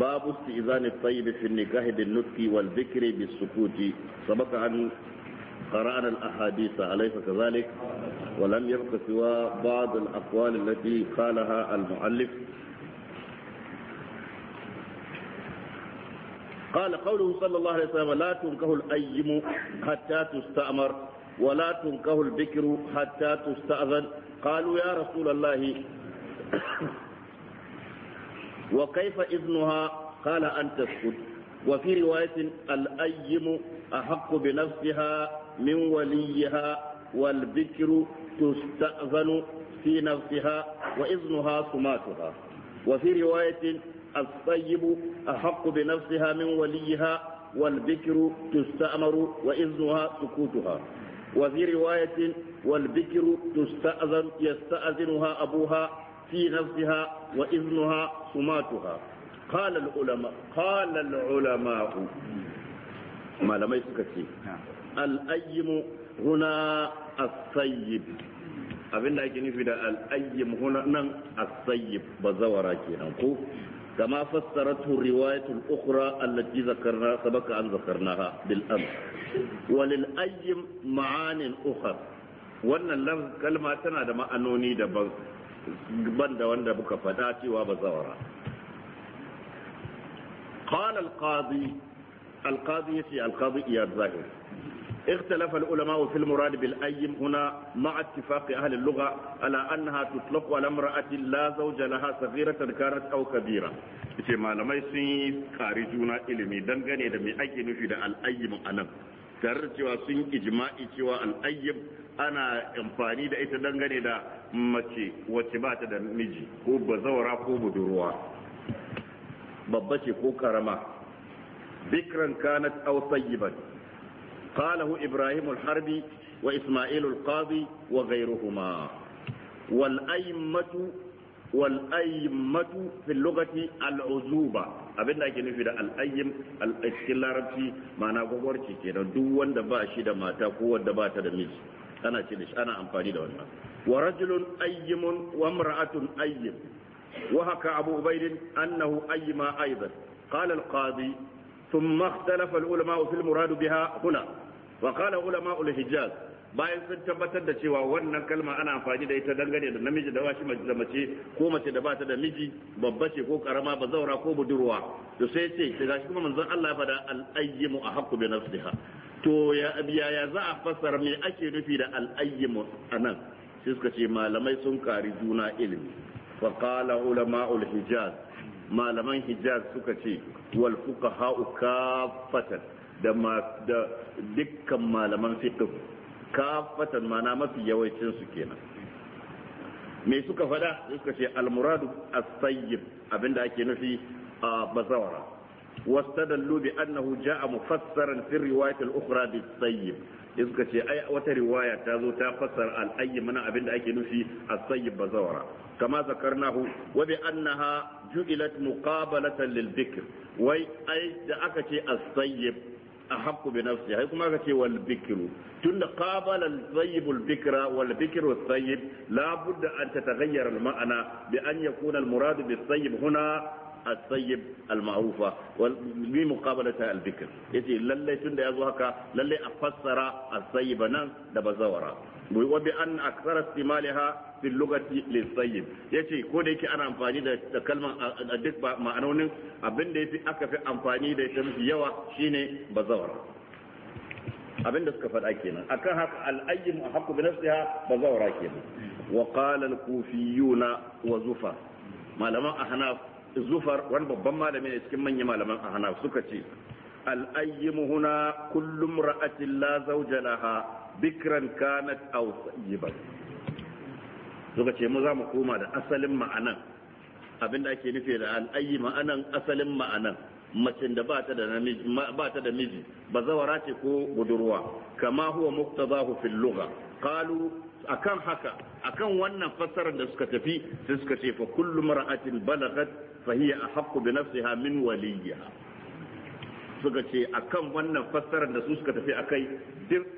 باب استئذان الطيب في النكاح بالنطق والذكر بالسكوت سبق أن قرأنا الأحاديث أليس كذلك ولم يبق سوى بعض الأقوال التي قالها المؤلف قال قوله صلى الله عليه وسلم لا تنكه الأيم حتى تستأمر ولا تنكه البكر حتى تستأذن قالوا يا رسول الله وكيف إذنها قال أن تسكت وفي رواية الأيم أحق بنفسها من وليها والبكر تستأذن في نفسها وإذنها سماتها وفي رواية الطيب أحق بنفسها من وليها والبكر تستأمر وإذنها سكوتها وفي رواية والبكر تستأذن يستأذنها أبوها في نفسها وإذنها سماتها قال العلماء قال العلماء ما لم يسكتي نعم. الأيم هنا الصيب أبن لا يجني في الأيم هنا نن الصيب بزورا كينا كما فسرته الرواية الأخرى التي ذكرنا سبق أن ذكرناها بالأمس وللأيم معان أخر wannan lafz kalma tana da ma'anoni ban da wanda muka faɗa cewa ba zawara قال القاضي القاضي يسي القاضي إياد ظاهر اختلف العلماء في المراد بالأيم هنا مع اتفاق أهل اللغة على أنها تطلق على امرأة لا زوج لها صغيرة كانت أو كبيرة ce malamai sun yi kari juna ilimi dangane da mai ake nufi da al'ayyim a nan tare da cewa sun ijma'i cewa al'ayyim ana amfani da ita dangane da mace wacce ba ta da miji ko bazawara ko budurwa babba ce ko karama bikran kanat aw tayyiban qalahu ibrahim al-harbi wa isma'il al-qadi wa ghayruhuma wal aymatu wal aymatu fi lughati al-uzuba da ake nufi da al-ayyim al larabci ma'ana gwagwarci kenan duk wanda ba shi da mata ko wanda ba ta da miji ana ce da shi ana amfani da wannan wa rajulun ayyimun wa mar'atun ayyim wa haka abu ubaidin annahu ayyima aidan qala al-qadi thumma ikhtalafa al-ulama fi al-murad biha huna wa qala ulama al-hijaz bayan sun tabbatar da cewa wannan kalma ana amfani da ita dangane da namiji da bashi da mace ko mace da bata da miji babba ce ko karama ba bazaura ko budurwa to sai ce sai gashi kuma manzon Allah ya fada al ayyimu ahqqu bi nafsiha to ya ya za a fassara me ake nufi da al ayyimu anan sai suka ce malamai sun kari juna ilimi fa qala ulama'ul hijaz malaman hijaz suka ce wal fuqaha ukafatan da dukkan malaman fiqh kafatan mana mafi yawancin su kenan me suka fada suka ce almuradu as-sayyib abinda ake nufi a bazawara wastadallu bi annahu ja'a mufassaran fi riwayat al-ukhra bi sayyib suka ce ai wata riwaya ta zo ta fassara al-ayyi mana abinda ake nufi as-sayyib bazawara kama zakarnahu wa bi annaha ju'ilat muqabalatan lil-dhikr wai ai da aka ce as-sayyib أحق بنفسي هي كما كتي والبكر تند قابل الطيب البكر والبكر الطيب لا بد أن تتغير المعنى بأن يكون المراد بالطيب هنا الطيب المعروفة بمقابلة البكر يتي للي تند يزوهك للي أفسر الطيب نان دبزورا وبأن أكثر استمالها في اللغة للطيب يتي كون يكي أنا أمفاني دا كلمة أدك معنون أبن دي في أكا في أمفاني دا تمشي يوا شيني بزورة abin da suka faɗa kenan akan haka al'ayyin haqqu bi nafsiha bazawara kenan wa qala al-kufiyuna wa zufar malaman ahnaf zufar wani babban malami ne cikin manyan malaman ahnaf suka ce al'ayyimu huna kullum ra'atin la zawja laha bikran kanat aw sayyiban suka ce mu za mu koma da asalin ma'anan abinda ake nufi da al'ayyi ma'anan asalin ma'anan macin da ba ta da miji ba zawara ce ko budurwa kama huwa muktazahu fil lugha qalu akan haka akan wannan fassarar da suka tafi sai suka ce fa kullu mar'atin balagat fa hiya ahaqqu bi nafsiha min suka ce akan wannan fassarar da su suka tafi akai duk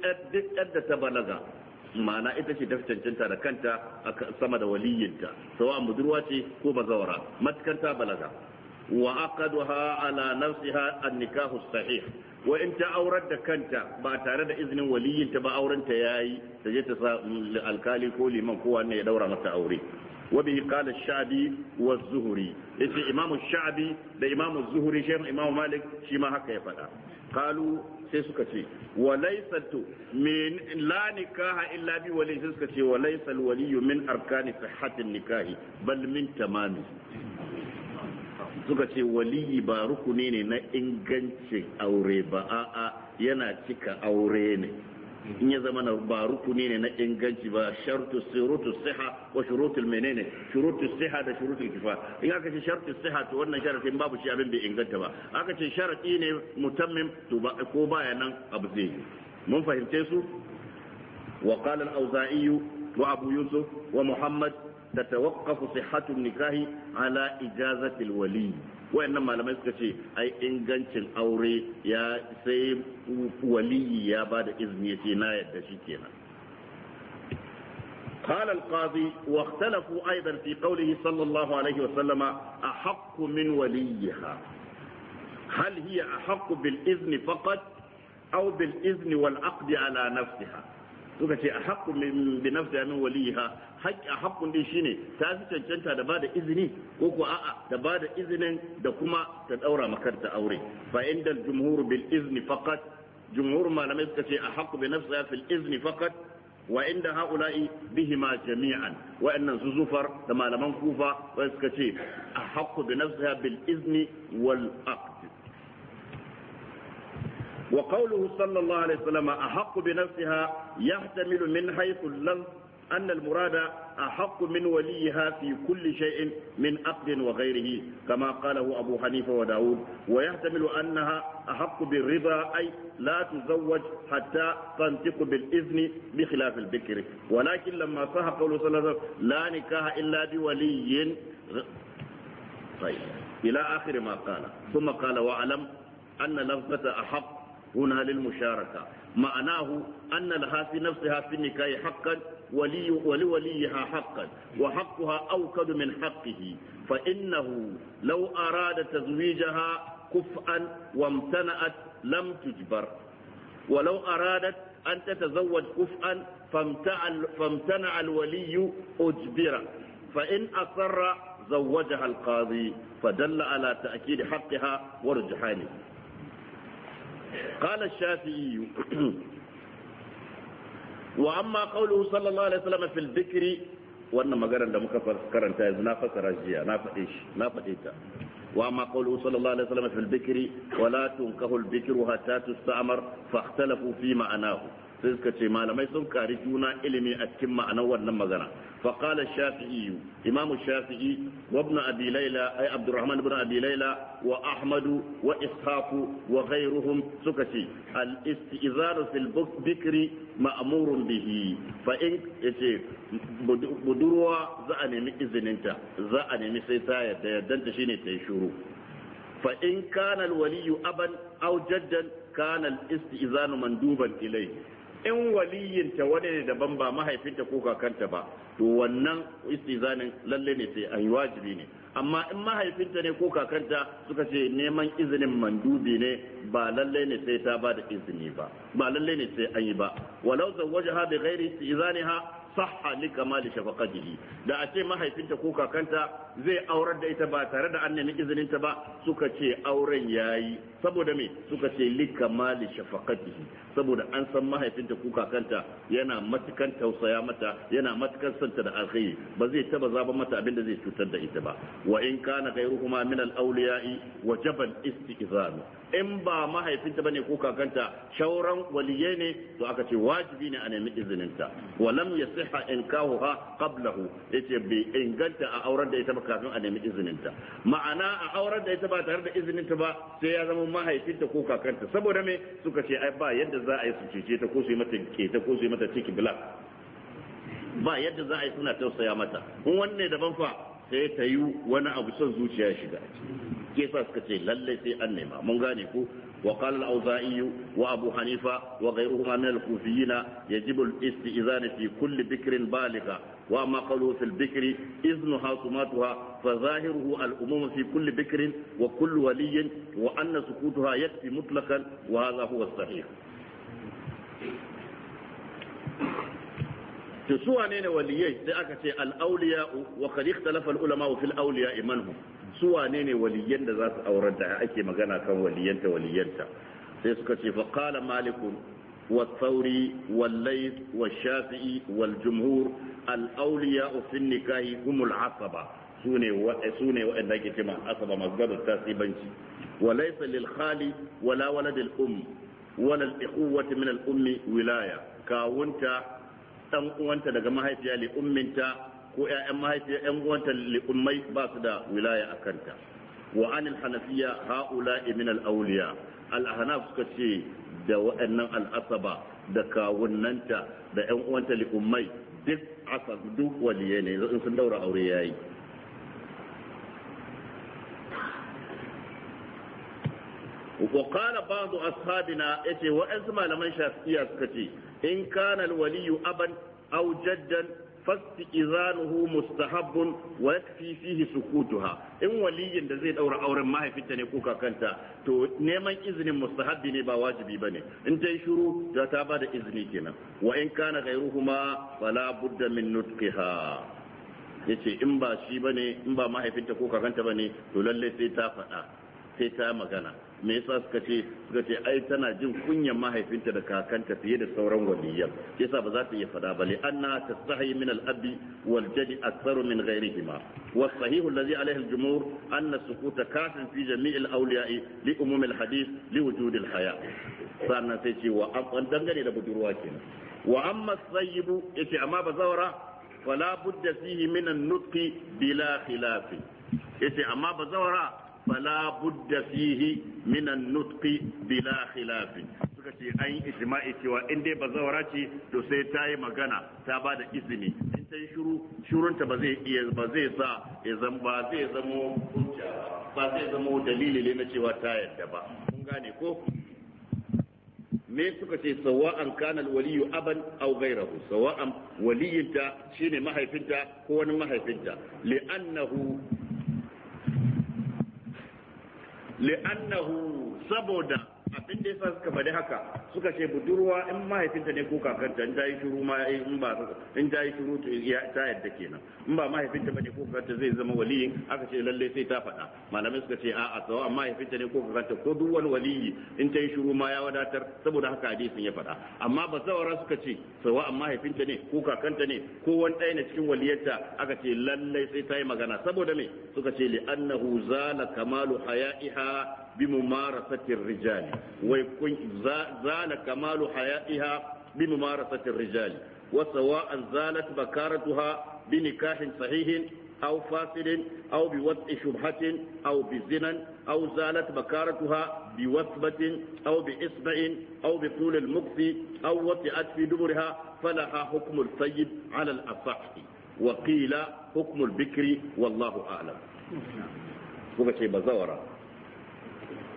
da ta balaga ma'ana ita ce tafi cancanta da kanta a sama da waliyinta sawa budurwa ce ko bazawara matkanta balaga wa aqaduha ala nafsiha an nikahu sahih wa in ta aurar da kanta ba tare da izinin waliyinta ba auren ta yayi ta je ta sa mm, alkali ko liman ko wanne ya daura mata aure وبه قال الشعبي والزهري يتي إمام الشعبي ده إمام الزهري شيخ إمام مالك شيما هكا يفعل قالوا sai suka ce walaisatu min la nikaha illa bi wali sai suka ce walaisal waliyu min arkani nikahi bal min tamami suka ce waliyi ba rukuni ne na ingancin aure ba a'a yana cika aure ne in ya zama na ba rukuni ne na inganci ba shartu shurutu siha wa shurutul menene shurutu siha da shurutu kifa in aka ce shartu siha to wannan sharatin babu shi abin bai inganta ba aka ce sharadi ne mutammim to ba ko baya nan abu zai yi mun fahimce su wa qala al-auza'i wa abu yusuf wa muhammad tatawaqqafu تتوقف nikahi ala ijazati al-wali wayan malamai suka ce ai ingancin aure ya sai waliyi ya ba da izini ya ce na yadda shi kenan قال القاضي واختلفوا ايضا في قوله صلى الله عليه وسلم احق من وليها هل هي احق بالاذن فقط او بالاذن والعقد على نفسها توكي احق بنفسها من وليها haƙƙi haƙƙun din shine ta fi cancanta da bada izini ko ko a'a da bada izinin da kuma ta daura makarta aure fa inda jumhur bil izni faqat jumhur malamai suka ce a haqqu bi nafsiha fil izni faqat wa inda haula'i bihima jami'an wa'annan su zufar da malaman kufa wai suka ce a haqqu bi nafsiha bil izni wal aqd وقوله صلى الله عليه وسلم أحق بنفسها يحتمل من حيث اللفظ أن المراد أحق من وليها في كل شيء من عقد وغيره كما قاله أبو حنيفة وداود ويحتمل أنها أحق بالرضا أي لا تزوج حتى تنطق بالإذن بخلاف البكر ولكن لما صح قوله صلى الله عليه وسلم لا نكاح إلا بولي طيب إلى آخر ما قال ثم قال واعلم أن لفظة أحق هنا للمشاركة معناه أن لها في نفسها في النكاح حقا ولي ولوليها حقا وحقها أوكد من حقه فإنه لو أراد تزويجها كفءا وامتنأت لم تجبر ولو أرادت أن تتزوج كفءا فامتنع الولي أجبر فإن أصر زوجها القاضي فدل على تأكيد حقها ورجحانه قال الشافعي wa amma qawluhu sallallahu alaihi wasallam fil dhikri wannan maganar da muka karanta yanzu na fassara jiya na faɗe shi na faɗe ta wa amma qawluhu sallallahu alaihi wasallam fil dhikri wa la tunkahu al dhikru hatta tusta'mar fa ikhtalafu fi ma'anahu sai suka ce malamai sun kari juna ilimi a cikin ma'anar wannan magana فقال الشافعي إمام الشافعي وابن أبي ليلى أي عبد الرحمن بن أبي ليلى وأحمد وإسحاق وغيرهم سكتي الاستئذان في البكر مأمور به فإن بدروا زأني إذن انت زأني سيتايا تيدنت شيني تيشورو فإن كان الولي أبا أو جدا كان الاستئذان مندوبا إليه in waliyinta wani ne daban ba mahaifinta ko kakanta ba to wannan istizanin lalle ne sai an wajibi ne amma in mahaifinta ne ko kakanta suka ce neman izinin mandubi ne ba lalle ne sai ta ba da izini ba ba lalle ne sai an yi ba walau zawwajaha bi ghairi istizaniha sahha li kamali shafaqatihi da a ce mahaifinta ko kakanta zai aurar da ita ba tare da an nemi izinin ta ba suka ce auren yayi saboda me suka ce li kamali shafaqatihi saboda an san mahaifinta ko kakanta yana matukan tausaya mata yana matukan santa da alkhairi ba zai taba zaba mata abin da zai cutar da ita ba wa in kana ghayruhuma min al-awliya'i wajaba al in ba mahaifinta bane ko kakanta shauran waliyai ne to aka ce wajibi ne a nemi izinin ta walam yas yasiha inkahuha yace bai inganta a auren da ita ba kafin a nemi izininta ma'ana a auren da ita ba tare da izinin ta ba sai ya zama mahaifinta ko kakanta saboda me suka ce ai ba yadda za a yi su ta ko su yi mata ciki blak ba yadda za a yi suna tausaya mata in wanne daban fa sai ta yi wani abu son zuciya shiga ke sa suka ce lalle sai an nema mun gane ku وقال الأوزائي وأبو حنيفة وغيرهما من الكوفيين يجب الاستئذان في كل بكر بالغة وأما قوله في البكر إذنها صماتها فظاهره الأموم في كل بكر وكل ولي وأن سكوتها يكفي مطلقا وهذا هو الصحيح to su wane ne waliyai sai aka ce al-awliya wa qad ikhtalafa al-ulama fi al-awliya manhum su wane ne waliyan da za su aurar da ake magana kan waliyanta waliyanta sai suka ce fa qala malikun والثوري والليث والشافعي والجمهور الأولياء في النكاح هم العصبة سوني وسوني وإن كما عصبة مصدر التاسيبنشي وليس للخالي ولا ولد الأم ولا الإخوة من الأم ولاية كاونتا ɗan uwanta daga mahaifiya li ko ƴaƴan mahaifiya ƴan uwanta li ummai ba su da wilaya a kanta wa anil hanafiya haula min al awliya al ahnaf suka ce da waɗannan al asaba da kawunnanta da ƴan uwanta li duk asab duk waliye ne in sun daura aure yayi وقال بعض أصحابنا إتي وأنتم على من شافية ce. in kana waliyu aban aw jaddan fastiqizanuhu mustahabbun wa yakfi fihi sukutuha in waliyin da zai daura auren mahaifinta ne ko kakanta to neman izinin mustahabbi ne ba wajibi bane in ta yi shiru ta ta bada izini kenan wa in kana ghayruhuma fala budda min nutqiha yace in ba shi bane in ba mahaifinta ko kakanta bane to lalle sai ta faɗa sai ta magana me yasa suka ce suka ce ai tana jin kunyan mahaifinta da kakanta fiye da sauran waliyar yasa ba za ta iya fada ba anna tastahi min al-abi wal jadi aktharu min ghayrihima wa sahih alladhi alayhi al-jumhur anna sukuta kafin fi jami' al-awliya'i li umum al-hadith li wujud al-haya sannan sai ce wa an dangane da budurwa kenan wa amma sayyibu yace amma bazawara fala budda fihi min an-nutqi bila khilafi yace amma bazawara فلا بد فيه من النطق بلا خلاف suka ce an yi ijma'i cewa in dai bazawara ce to sai ta yi magana ta ba da izini in ta yi shuru shurunta ba zai iya ba zai sa ya zama ba zai zamo hujja ba zai zamo dalili ne na cewa ta yadda ba kun gane ko me suka ce an kana waliyu aban aw ghayrahu sawa'an waliyinta shine mahaifinta ko wani mahaifinta li'annahu li'annahu saboda abin da sa suka faɗi haka suka ce budurwa in mahaifinta ne ko kakanta in ta yi shuru ma eh, in ba in ta yi shuru to ya ta yadda kenan in ba mahaifinta bane ko kakanta zai zama waliyi aka ce lalle sai ta faɗa malamai suka ce a'a tsawo amma mahaifinta ne ko kakanta ko duk wani waliyi in ta yi shuru ma ya wadatar saboda haka hadisin ya faɗa amma ba zawara suka ce tsawo amma mahaifinta ne ko kakanta ne ko wani ɗaya ne cikin waliyarta aka ce lalle sai ta yi magana saboda me suka ce li annahu zala kamalu haya'iha بممارسة الرجال ويكون زال كمال حيائها بممارسة الرجال وسواء زالت بكارتها بنكاح صحيح أو فاسد أو بوضع شبهة أو بزنا أو زالت بكارتها بوثبة أو بإصبع أو بطول المكس أو وطئت في دبرها فلها حكم السيد على الأصح وقيل حكم البكر والله أعلم. نعم.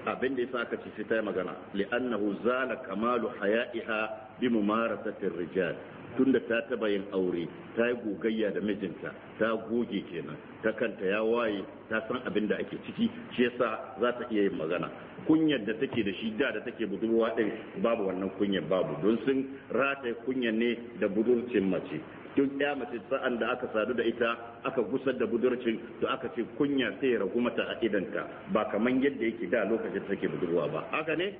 abin da yasa aka ci sai ta yi magana li'annahu zala kamalu haya'iha bi mumarasatir rijal tunda ta taba yin aure ta yi gogayya da mijinta ta goge kenan ta kanta ya waye ta san abin da ake ciki shi yasa za ta iya yin magana kunyar da take da shi da da take budurwa din babu wannan kunyar babu don sun rataye kunyar ne da budurcin mace duk ya mace sa'an da aka sadu da ita aka gusar da budurcin to aka ce kunya sai ragu mata a idanta ba kaman yadda yake da lokacin take budurwa ba haka ne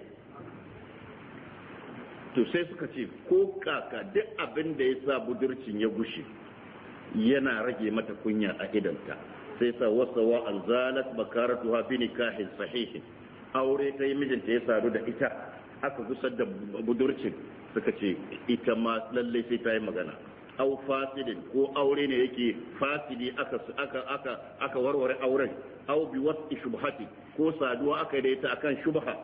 to sai suka ce ko kaka duk abin da ya sa budurcin ya gushe yana rage mata kunya a idanta sai sa wasawa alzalat ha fi nikahin sahihin aure ta yi mijinta ya sadu da ita aka gusar da budurcin suka ce ita ma lallai sai ta yi magana Au fasidin ko aure ne yake fasidi aka aka aka aka warware auren Au bi was'i shubhati ko saduwa aka ita akan shubha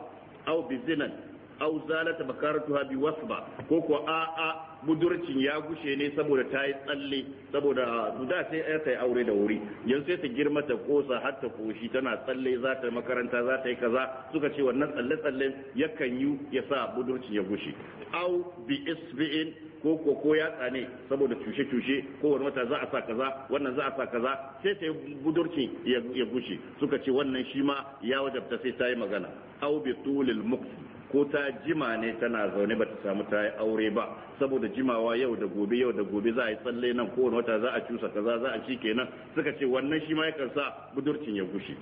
Au bi zinan au zalata bakaratuha bi wasba ko ko a a budurcin ya gushe ne saboda ta yi tsalle saboda da sai ya yi aure da wuri yanzu sai ta girma ta kosa har ta koshi tana tsalle za ta makaranta za ta yi kaza suka ce wannan tsalle tsalle yakan yi ya sa budurcin ya gushe Au bi isbi'in ko ko ko yatsa ne saboda cushe-cushe ko wani wata za a sa kaza wannan za a sa kaza sai ta budurci ya gushe suka ce wannan shi ma ya wajabta sai ta yi magana au bi tulil mukti ko ta jima ne tana zaune ba ta samu ta yi aure ba saboda jimawa yau da gobe yau da gobe za a yi tsalle nan kowane wata za a cusa kaza za a ci kenan suka ce wannan shi ma ya sa budurcin ya gushi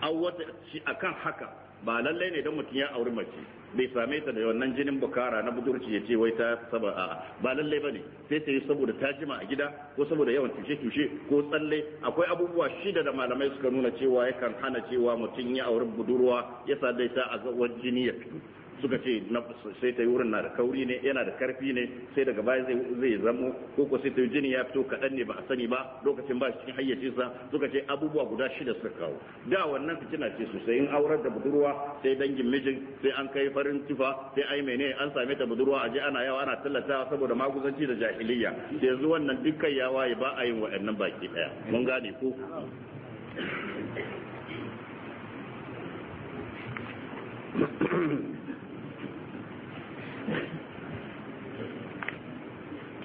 a wata shi akan haka ba lallai ne don mutum ya auri mace bai same ta da wannan jinin bukara na budurci ya ce wai ta saba a ba lalle ba ne sai ta yi saboda ta jima a gida ko saboda yawan tushe-tushe ko tsalle akwai abubuwa shida da malamai suka nuna cewa yakan hana cewa mutum ya auri budurwa ya sadaita a zawar jini ya fito suka ce sai ta yi wurin na da kauri ne yana da karfi ne sai daga baya zai zamo ko ko sai ta jini ya fito kaɗan ne ba a sani ba lokacin ba cikin hayyacinsa suka ce abubuwa guda shida suka kawo da wannan fitina ce sosai in aurar da budurwa sai dangin mijin sai an kai farin tufa sai ai mene an same ta budurwa a je ana yawa ana tallatawa saboda maguzanci da jahiliya yanzu wannan dukkan ya waye ba a yin waɗannan baki ɗaya mun gane ko Thank you.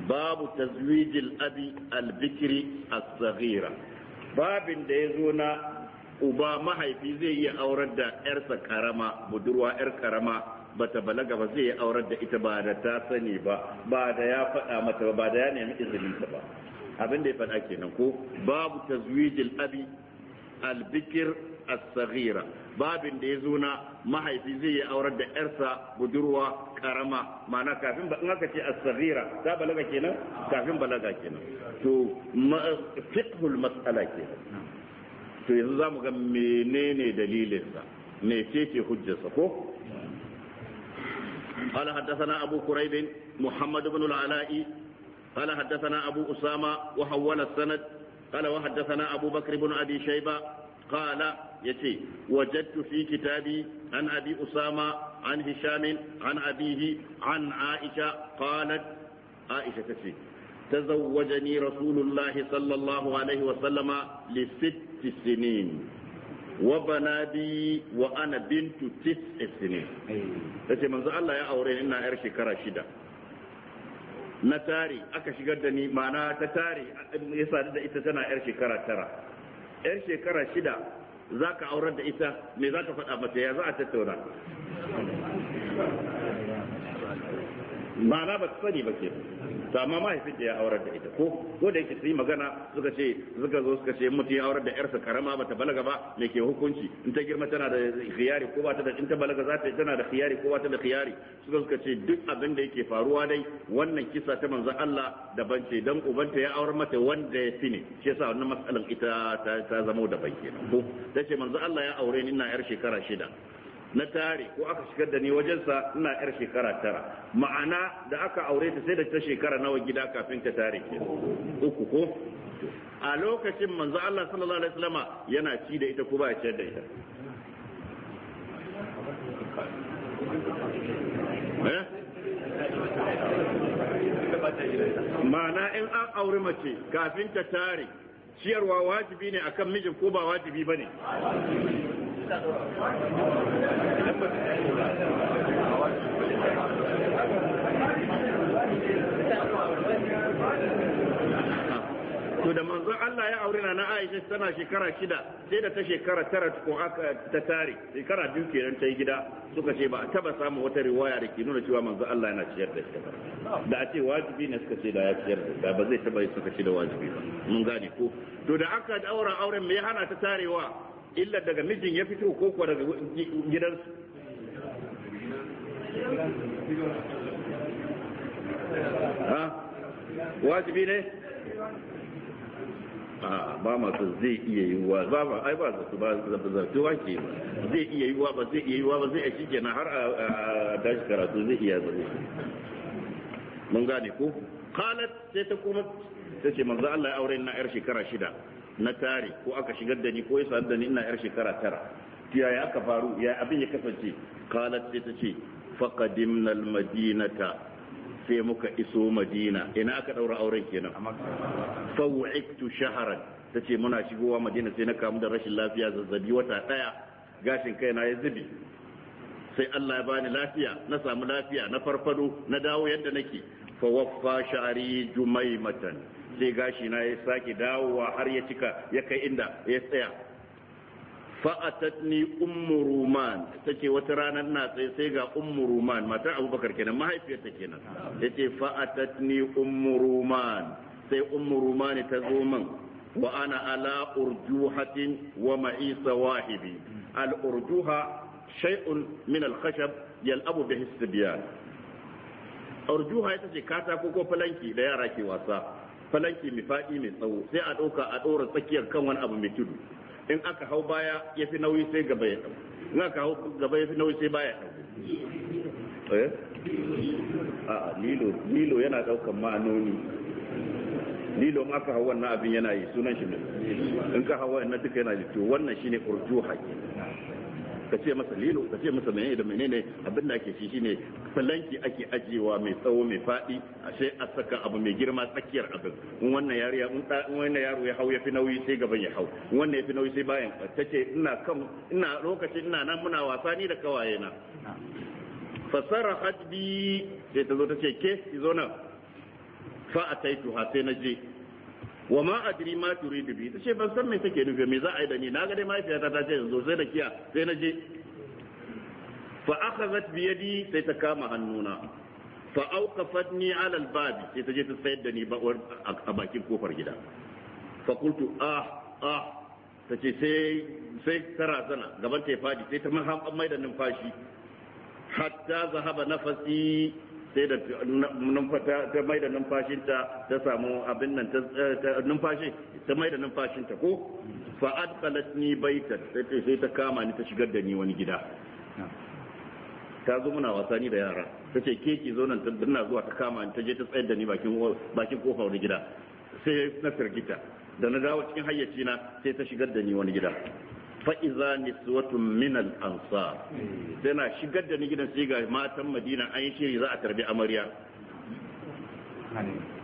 babu taswijil abi albikiri asarira, saghira babin da ya zo na uba mahaifi zai iya aurar da yarsa karama budurwa yar ƙarama bata balaga ba zai yi aurar da ita ba da ta sani ba ba da ya faɗa mata ba da ya nemi izinin ta ba abin da ya faɗa kenan ko babu tazwijil abi albikir asarira. babin da ya zo na mahaifi zai yi aurar da yarsa budurwa karama ma'ana kafin ba in aka ce as-saghira ta balaga kenan kafin balaga kenan to fiqhul mas'ala kenan to yanzu zamu ga menene dalilinsa me ce ce hujjarsa ko قال حدثنا أبو كريب محمد بن العلاء قال حدثنا أبو أسامة وحول السند قال وحدثنا أبو بكر بن أبي شيبة قال yace wajadtu fi kitabi an abi usama an hisham an abihi an aisha qalat aisha tace tazawwajani rasulullahi sallallahu alaihi wa sallama li sitt sinin wa bana bi wa ana bintu tis sinin tace manzo Allah ya aure ni ina yar shekara shida na tare aka shigar da ni ma'ana ta tare ya sadu da ita tana yar shekara tara yar shekara shida za ka aurar da ita me za ka faɗa mata ya za a tattauna ba na ba sani ba ke to amma mahaifin ya aurar da ita ko ko da yake sai magana suka ce suka zo suka ce mutum ya aurar da yarsa karama bata balaga ba me ke hukunci in ta girma tana da khiyari ko bata da in ta balaga za ta tana da khiyari ko bata da khiyari suka suka ce duk abin da yake faruwa dai wannan kisa ta manzon Allah daban ce dan ubanta ya aurar mata wanda ya fi ne shi yasa wannan matsalan ita ta zama ban ke ko tace manzon Allah ya aure ni ina yar shekara shida na tare ko aka shigar da ni wajensa ina yar shekara tara ma'ana da aka aure ta sai da ta shekara nawa gida kafin ta tare ke uku ko a lokacin manzo Allah sallallahu alaihi wasallama yana ci da ita ko ba ya ciyar da ita eh? ma'ana in an aure mace kafin ta tare ciyarwa wajibi ne akan mijin ko ba wajibi bane to da manzon Allah ya aure na Aisha tana shekara shida sai da ta shekara tara ko aka ta tare shekara biyu kenan ta yi gida suka ce ba a taba samun wata riwaya da ke nuna cewa manzon Allah yana ciyar da ita da a ce wajibi ne suka ce da ya ciyar da ita ba zai taba yi suka ce da wajibi ba mun gane ko to da aka daura auren me ya hana ta tarewa illa daga mijin ya fito ko kuwa daga gidansu ha wajibi ne a ba masu zai iya wa ba ba ai ba su ba zartuwa ke ba zai iya wa ba zai iya wa ba zai a shige na har a tashi karatu zai iya zai mun gane ko qalat sai ta kuma ta ce manzo Allah ya aure na yar shekara shida na tare ko aka shigar da ni ko ya da ni ina yar shekara tara yaya aka faru ya abin ya kasance qalat sai ta ce faqadimna almadinata sai muka iso madina ina aka daura auren kenan faw'iktu shahran tace muna shigowa madina sai na kamu da rashin lafiya zazzabi wata daya gashin kai na ya zubi sai Allah ya bani lafiya na samu lafiya na farfado na dawo yadda nake fa waffa sha'ari jumaimatan sai gashi na ya sake dawowa har ya cika ya kai inda ya tsaya fa'atatni ummu ruman wata ranar na tsaye sai ga ummu ruman matar abubakar kenan mahaifiyarta kenan yace fa'atatni ummu ruman sai ummu ruman ta zo min wa ana ala urjuhatin wa ma'i sawahibi al urjuha shay'un min al khashab yal'abu bihi sibyan urjuha ita ce katako ko falanki da yara ke wasa falanki mai faɗi mai tsawo sai a ɗauka a ɗora tsakiyar kan wani abu mai tudu in aka hau baya ya fi nauyi sai gaba ya ɗau in aka hau gaba ya fi nauyi sai baya ɗau eh? a lilo lilo yana ɗaukan ma'anoni lilo in aka hau wannan abin yana yi sunan shi ne in ka hau wannan duka yana yi to wannan shine urju haƙi ka ce masa lilo ka ce masa menene da menene abin da ake shi shine falanki ake ajiyewa mai tsawo mai faɗi a sai a saka abu mai girma tsakiyar abin in wannan yaro ya in wannan yaro ya hau ya fi nauyi sai gaban ya hau wannan ya fi nauyi sai bayan tace ina kan ina lokacin ina nan muna wasa ni da kawaye na fasara hadbi sai ta zo ta ce ke ki zo nan fa ataitu ha sai na je wa ma adri ma turidu bi tace ban san me take nufi me za a yi da ni na ga dai mahaifiyata ta ce yanzu sai da kiya sai na je fa akhazat bi yadi sai ta kama hannuna fa awqafatni ala albabi sai ta je ta sayar da ni a bakin kofar gida fa qultu ah ah tace sai sai sana gaban ta fadi sai ta mai da numfashi hatta zahaba nafasi sai da ta mai da numfashinta ta samu abin nan ta numfashi ta mai da numfashinta ko fa adqalat ni baitan sai ta kama ni ta shigar da ni wani gida ta zo muna wasa ni da yara ta ce ke ki zo nan ta dinna zuwa ta kama ni ta je ta tsayar da ni bakin bakin kofa wani gida sai na firgita da na dawo cikin hayyaci na sai ta shigar da ni wani gida fa'iza niswatun minal ansa tana shigar da ni gidan sai ga matan madina an yi shiri za a tarbi amarya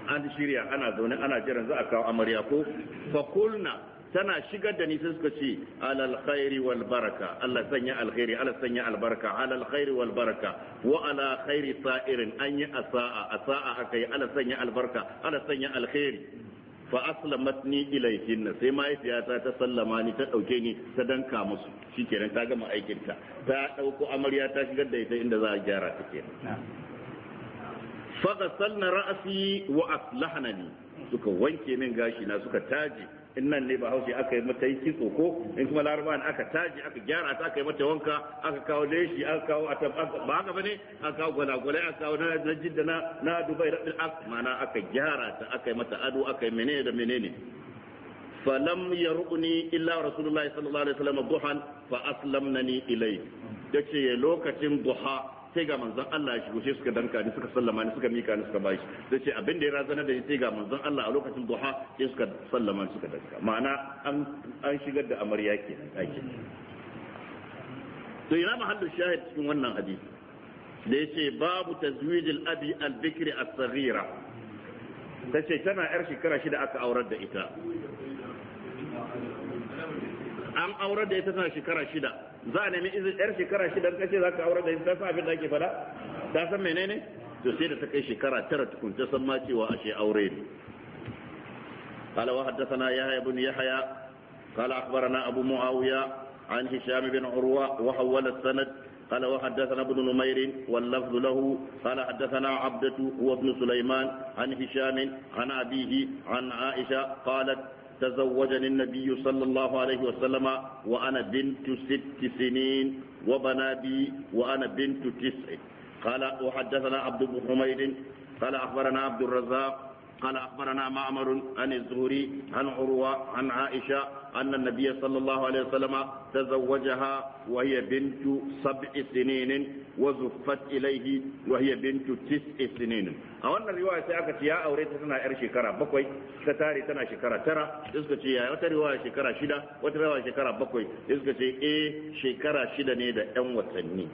an shirya ana zaune ana jiran za a kawo amarya ko fakulna tana shigar da ni sai suka ce alal khairi wal baraka Allah sanya alkhairi Allah sanya albarka alal khairi wal baraka wa ala khairi sa'irin an yi asa'a asa'a aka yi Allah sanya albarka Allah sanya alkhairi fa ni ilayhinna sai mahaifiyata ta sallama ni ta dauke ni ta danka musu shikenan ta gama aikin ta ta dauko amarya ta shigar da ita inda za a gyara ta kenan fa ghasalna ra'si wa ni suka wanke min gashi na suka taje in nan ne ba haushi aka yi mata yi kitso ko in kuma laraba ne aka taji aka gyara ta aka yi mata wanka aka kawo leshi aka kawo a ba haka bane aka kawo gwalagwale aka kawo na jidda na na dubai rabin ak mana aka gyara ta aka yi mata ado aka yi menene da menene falam yarquni illa rasulullahi sallallahu alaihi wasallam duhan fa aslamnani ilayhi dace lokacin duha sai ga manzon Allah ya shigo sai suka danka ni suka sallama ni suka mika ni suka bashi sai ce abin da ya razana da sai ga manzon Allah a lokacin duha sai suka sallama suka danka ma'ana an an shigar da amarya kenan ɗakin to ina mahallu shahid cikin wannan hadisi da yace babu tazwijil abi al-bikri as-saghira tace tana yar shekara shida aka aurar da ita an aurar da ita tana shekara shida za a nemi izin yar shekara shida ka ce za ka aurar da ita ta abin da ake faɗa ta san menene to sai da ta kai shekara tara tukun ta san ma cewa ashe aure ne قال وحدثنا يحيى بن يحيى قال أخبرنا أبو معاوية عن هشام بن عروة وحول السند قال وحدثنا ابن نمير واللفظ له قال حدثنا عبدة هو ابن سليمان عن هشام عن أبيه عن عائشة قالت تزوجني النبي صلى الله عليه وسلم وأنا بنت ست سنين وبنى بي وأنا بنت تسع قال وحدثنا عبد بن حميد قال أخبرنا عبد الرزاق قال أخبرنا معمر عن الزهري عن عروة عن عائشة أن النبي صلى الله عليه وسلم تزوجها وهي بنت سبع سنين وزفت إليه وهي بنت تسع سنين أو أن الرواية سأكت يا أوريت سنة إرشي كرا بكوي كتاري تنا شكرا ترى إذكت يا وترواية شكرا شدة وترواية شكرا بكوي إذكت إيه شكرا شدا نيدا أم وتنين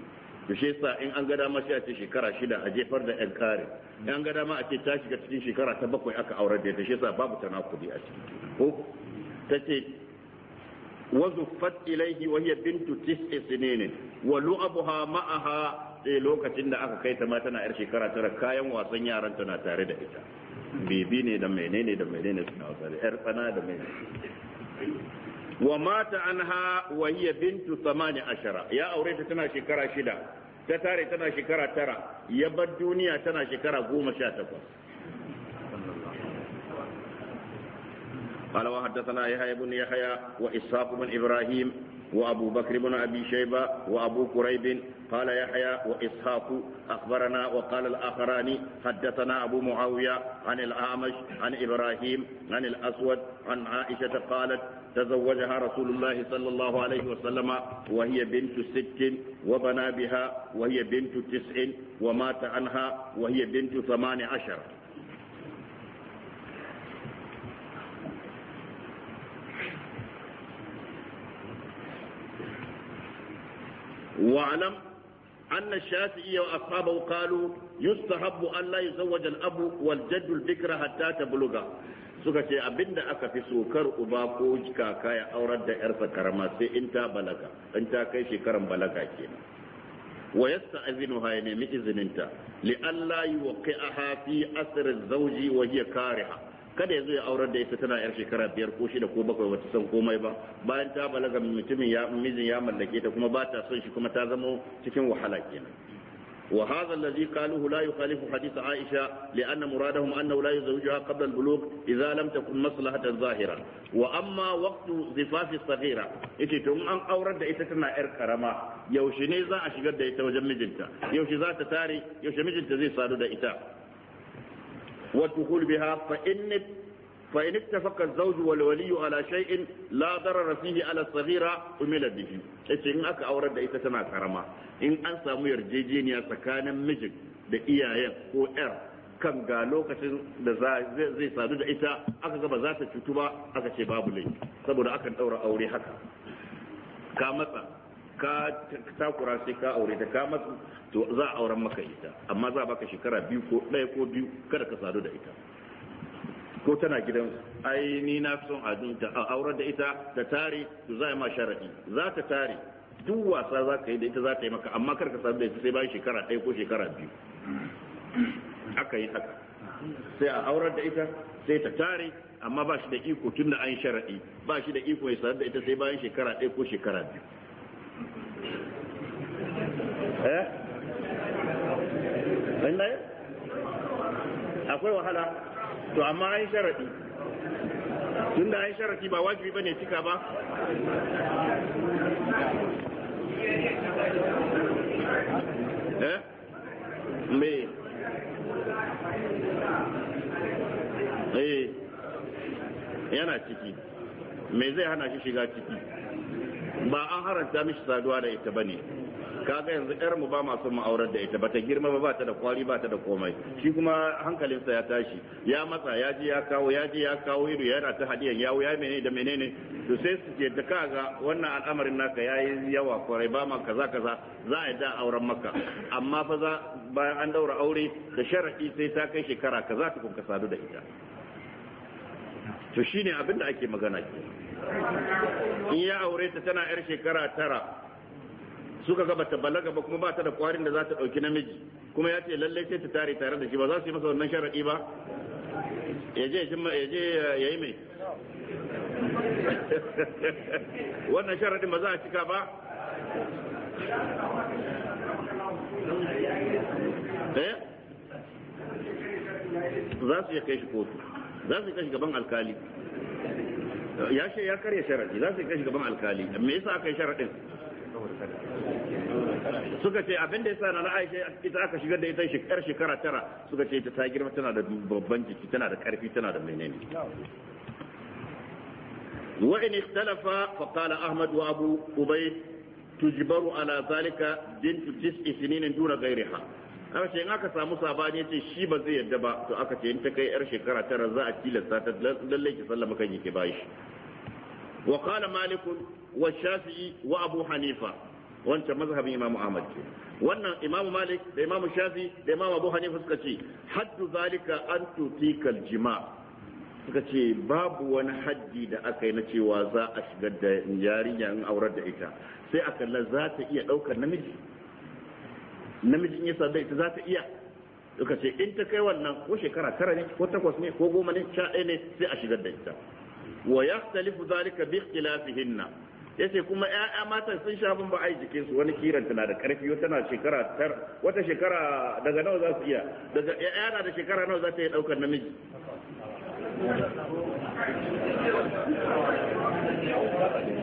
to shi yasa in an ga dama sai a ce shekara shida a jefar da yan kare in an ga dama a ce ta shiga cikin shekara ta bakwai aka aurar da ita shi yasa babu tanakudi a ciki ko tace wazuffat ilaihi wa hiya bintu tis'i sinin wa lu'abuha ma'aha sai lokacin da aka kai ta ma tana yar shekara tara kayan wasan yaran tana tare da ita bibi ne da menene da menene suna wasa da yar tsana da menene ومات عنها وهي بنت ثمانية bintu يا ya aure ta tana shekara shida ta tare tana shekara tara ya bar duniya قال وحدثنا يحيى بن يحيى وإسحاق بن إبراهيم وأبو بكر بن أبي شيبة وأبو كريب قال يحيى وإسحاق أخبرنا وقال الآخران حدثنا أبو معاوية عن الأعمش عن إبراهيم عن الأسود عن عائشة قالت تزوجها رسول الله صلى الله عليه وسلم وهي بنت ست وبنى بها وهي بنت تسع ومات عنها وهي بنت ثمان عشر واعلم أن الشافعي وأصحابه قالوا يستحب أن لا يزوج الأب والجد البكر حتى تبلغ suka ce abinda aka fi sokar uba ko kaka ya aurar da yarsa karama sai in ta balaga in ta kai shekaran balaga kenan wa yasta'zinuha ya nemi izininta li alla yuqi'aha fi asr az zauji wa hiya kariha kada yazo ya aurar da ita tana yar shekara biyar ko shida ko bakwai wata san komai ba bayan ta balaga mutumin ya mijin ya mallake ta kuma ba ta son shi kuma ta zama cikin wahala kenan وهذا الذي قالوه لا يخالف حديث عائشة لأن مرادهم أنه لا يزوجها قبل البلوغ إذا لم تكن مصلحة ظاهرة وأما وقت زفاف الصغيرة إتي تم أن أورد إتتنا إركرما يوشني زا أشقد إتا وجم مجنتا يوشي زا تتاري يوشي مجنتا زي صادو دا إتا والدخول بها فإن فإن اتفق الزوج والولي على شيء لا ضرر فيه safira Umila أمل به yace in aka aurar da ita tana karama in an samu yarjejeniya tsakanin mijin da iyayen ko yar kan ga lokacin da zai sadu da ita aka ga ba za ta cutu ba aka ce babu laifi saboda aka daura aure haka ka matsa ka takura sai ka aure da, ka matsa to za a auren maka ita amma za baka shekara biyu ko ɗaya ko biyu kada ka sadu da ita ko tana gidan ai ni na fi son adunta a aurar da ita da tare to za ma sharadi za ta tare duk wasa za ka yi da ita za ta yi maka amma kar ka sabu da ita sai bayan shekara ɗaya ko shekara biyu aka yi haka sai a aurar da ita sai ta tare amma ba shi da iko tun da an sharaɗi ba shi da iko ya sanar da ita sai bayan shekara ɗaya ko shekara biyu eh akwai wahala to amma an sharadi tun da an sharadi ba wajibi bane cika ba eh? Eh. yana ciki me zai hana shi shiga ciki ba an haranta mishi saduwa da ita ba ne. kaga yanzu yar mu ba masu ma'aurar da ita bata girma ba bata da kwari bata da komai shi kuma hankalinsa ya tashi ya matsa ya ji ya kawo ya ji ya kawo ido yana ta hadiyan yawo ya menene da menene to sai su ce da kaga wannan al'amarin naka yayi yawa kwarai ba ma kaza kaza za a da auren maka amma fa za bayan an daura aure da sharadi sai ta kai shekara kaza ta ka sadu da ita to shine abin da ake magana ke in ya aure ta tana yar shekara tara suka ga bata balaga ba kuma ba ta da kwarin da za ta ɗauki namiji kuma ya ce lallai sai ta tare tare da shi ba za su yi masa wannan sharaɗi ba ya je ya yi mai wannan sharaɗin ba za a cika ba eh? za su iya kai shi kotu za su kai shi gaban alkali ya ya karya sharadi za su kai shi gaban alkali me yasa aka yi sharaɗin suka ce abin da yasa na Aisha ita aka shigar da ita shekar shekara tara suka ce ita ta girma tana da babban jiki tana da karfi tana da menene fa qala ahmad wa abu ubay tujbaru ala zalika بنت تسع sinin dura ghayriha aka ce in aka samu sabani ce shi ba zai yadda ba to aka ce in ta kai yar shekara tara za a tilasta ta lallai ki sallama kan yake ba wa qala malik wa shafi'i wa abu hanifa wancan mazhabin Imam ahmad ke wannan imamu malik da imamu shafi da imamu abu hanifa suka ce haddu zalika an tutikal jima suka ce babu wani haddi da aka yi na cewa za a shigar da yarinya in aurar da ita sai a kalla za ta iya ɗaukar namiji namijin ya sadai ita za ta iya suka ce in ta kai wannan ko shekara tara ne ko takwas ne ko goma ne sha ɗaya ne sai a shigar da ita wa yaxtalifu zalika bi ikhtilafihinna yace kuma ƴaƴa mata sun sha bin ba ai jikin su wani kiran tana da karfi wata shekara tar wata shekara daga nawa za su iya daga ƴaƴa na da shekara nawa za ta yi daukar namiji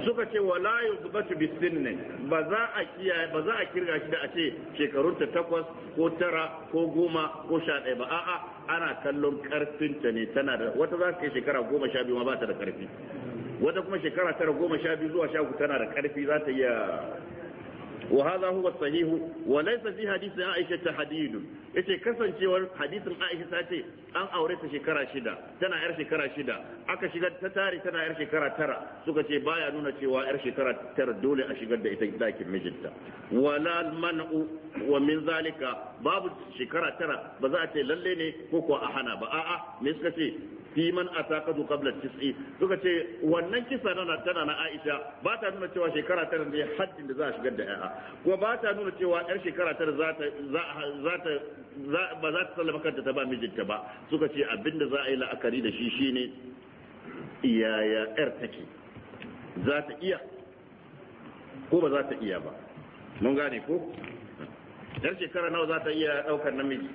suka ce wala yuzbatu bisinni ba za a kiya ba za a kirga shi da a ce shekarun ta takwas ko tara ko goma ko sha ɗaya ba a'a ana kallon karfin ta ne tana da wata za ta yi shekara goma sha biyu ma ba ta da karfi wata kuma shekara tara goma sha biyu zuwa sha tana da karfi za ta iya wa huwa sahihu wa laysa fi hadithi aisha hadidun yace kasancewar hadisin Aisha ta ce an aure ta shekara shida tana yar shekara shida aka shiga ta tare tana yar shekara tara suka ce baya nuna cewa yar shekara tara dole a shigar da ita dakin mijinta wala man'u wa min zalika babu shekara tara ba za a ce lalle ne ko ko a hana ba a'a me suka ce fi man ataqadu qabla tis'i suka ce wannan kisa na tana na Aisha ba ta nuna cewa shekara tara ne haddin da za a shigar da ya'a kuma ba ta nuna cewa yar shekara tara za ta za ta ba za ta sallama kanta ta ba mijinta ba suka ce abinda za a yi la'akari da shi shine iyaya yar take za ta iya ko ba za ta iya ba mun gane ko yar shekara nawa za ta iya daukar namiji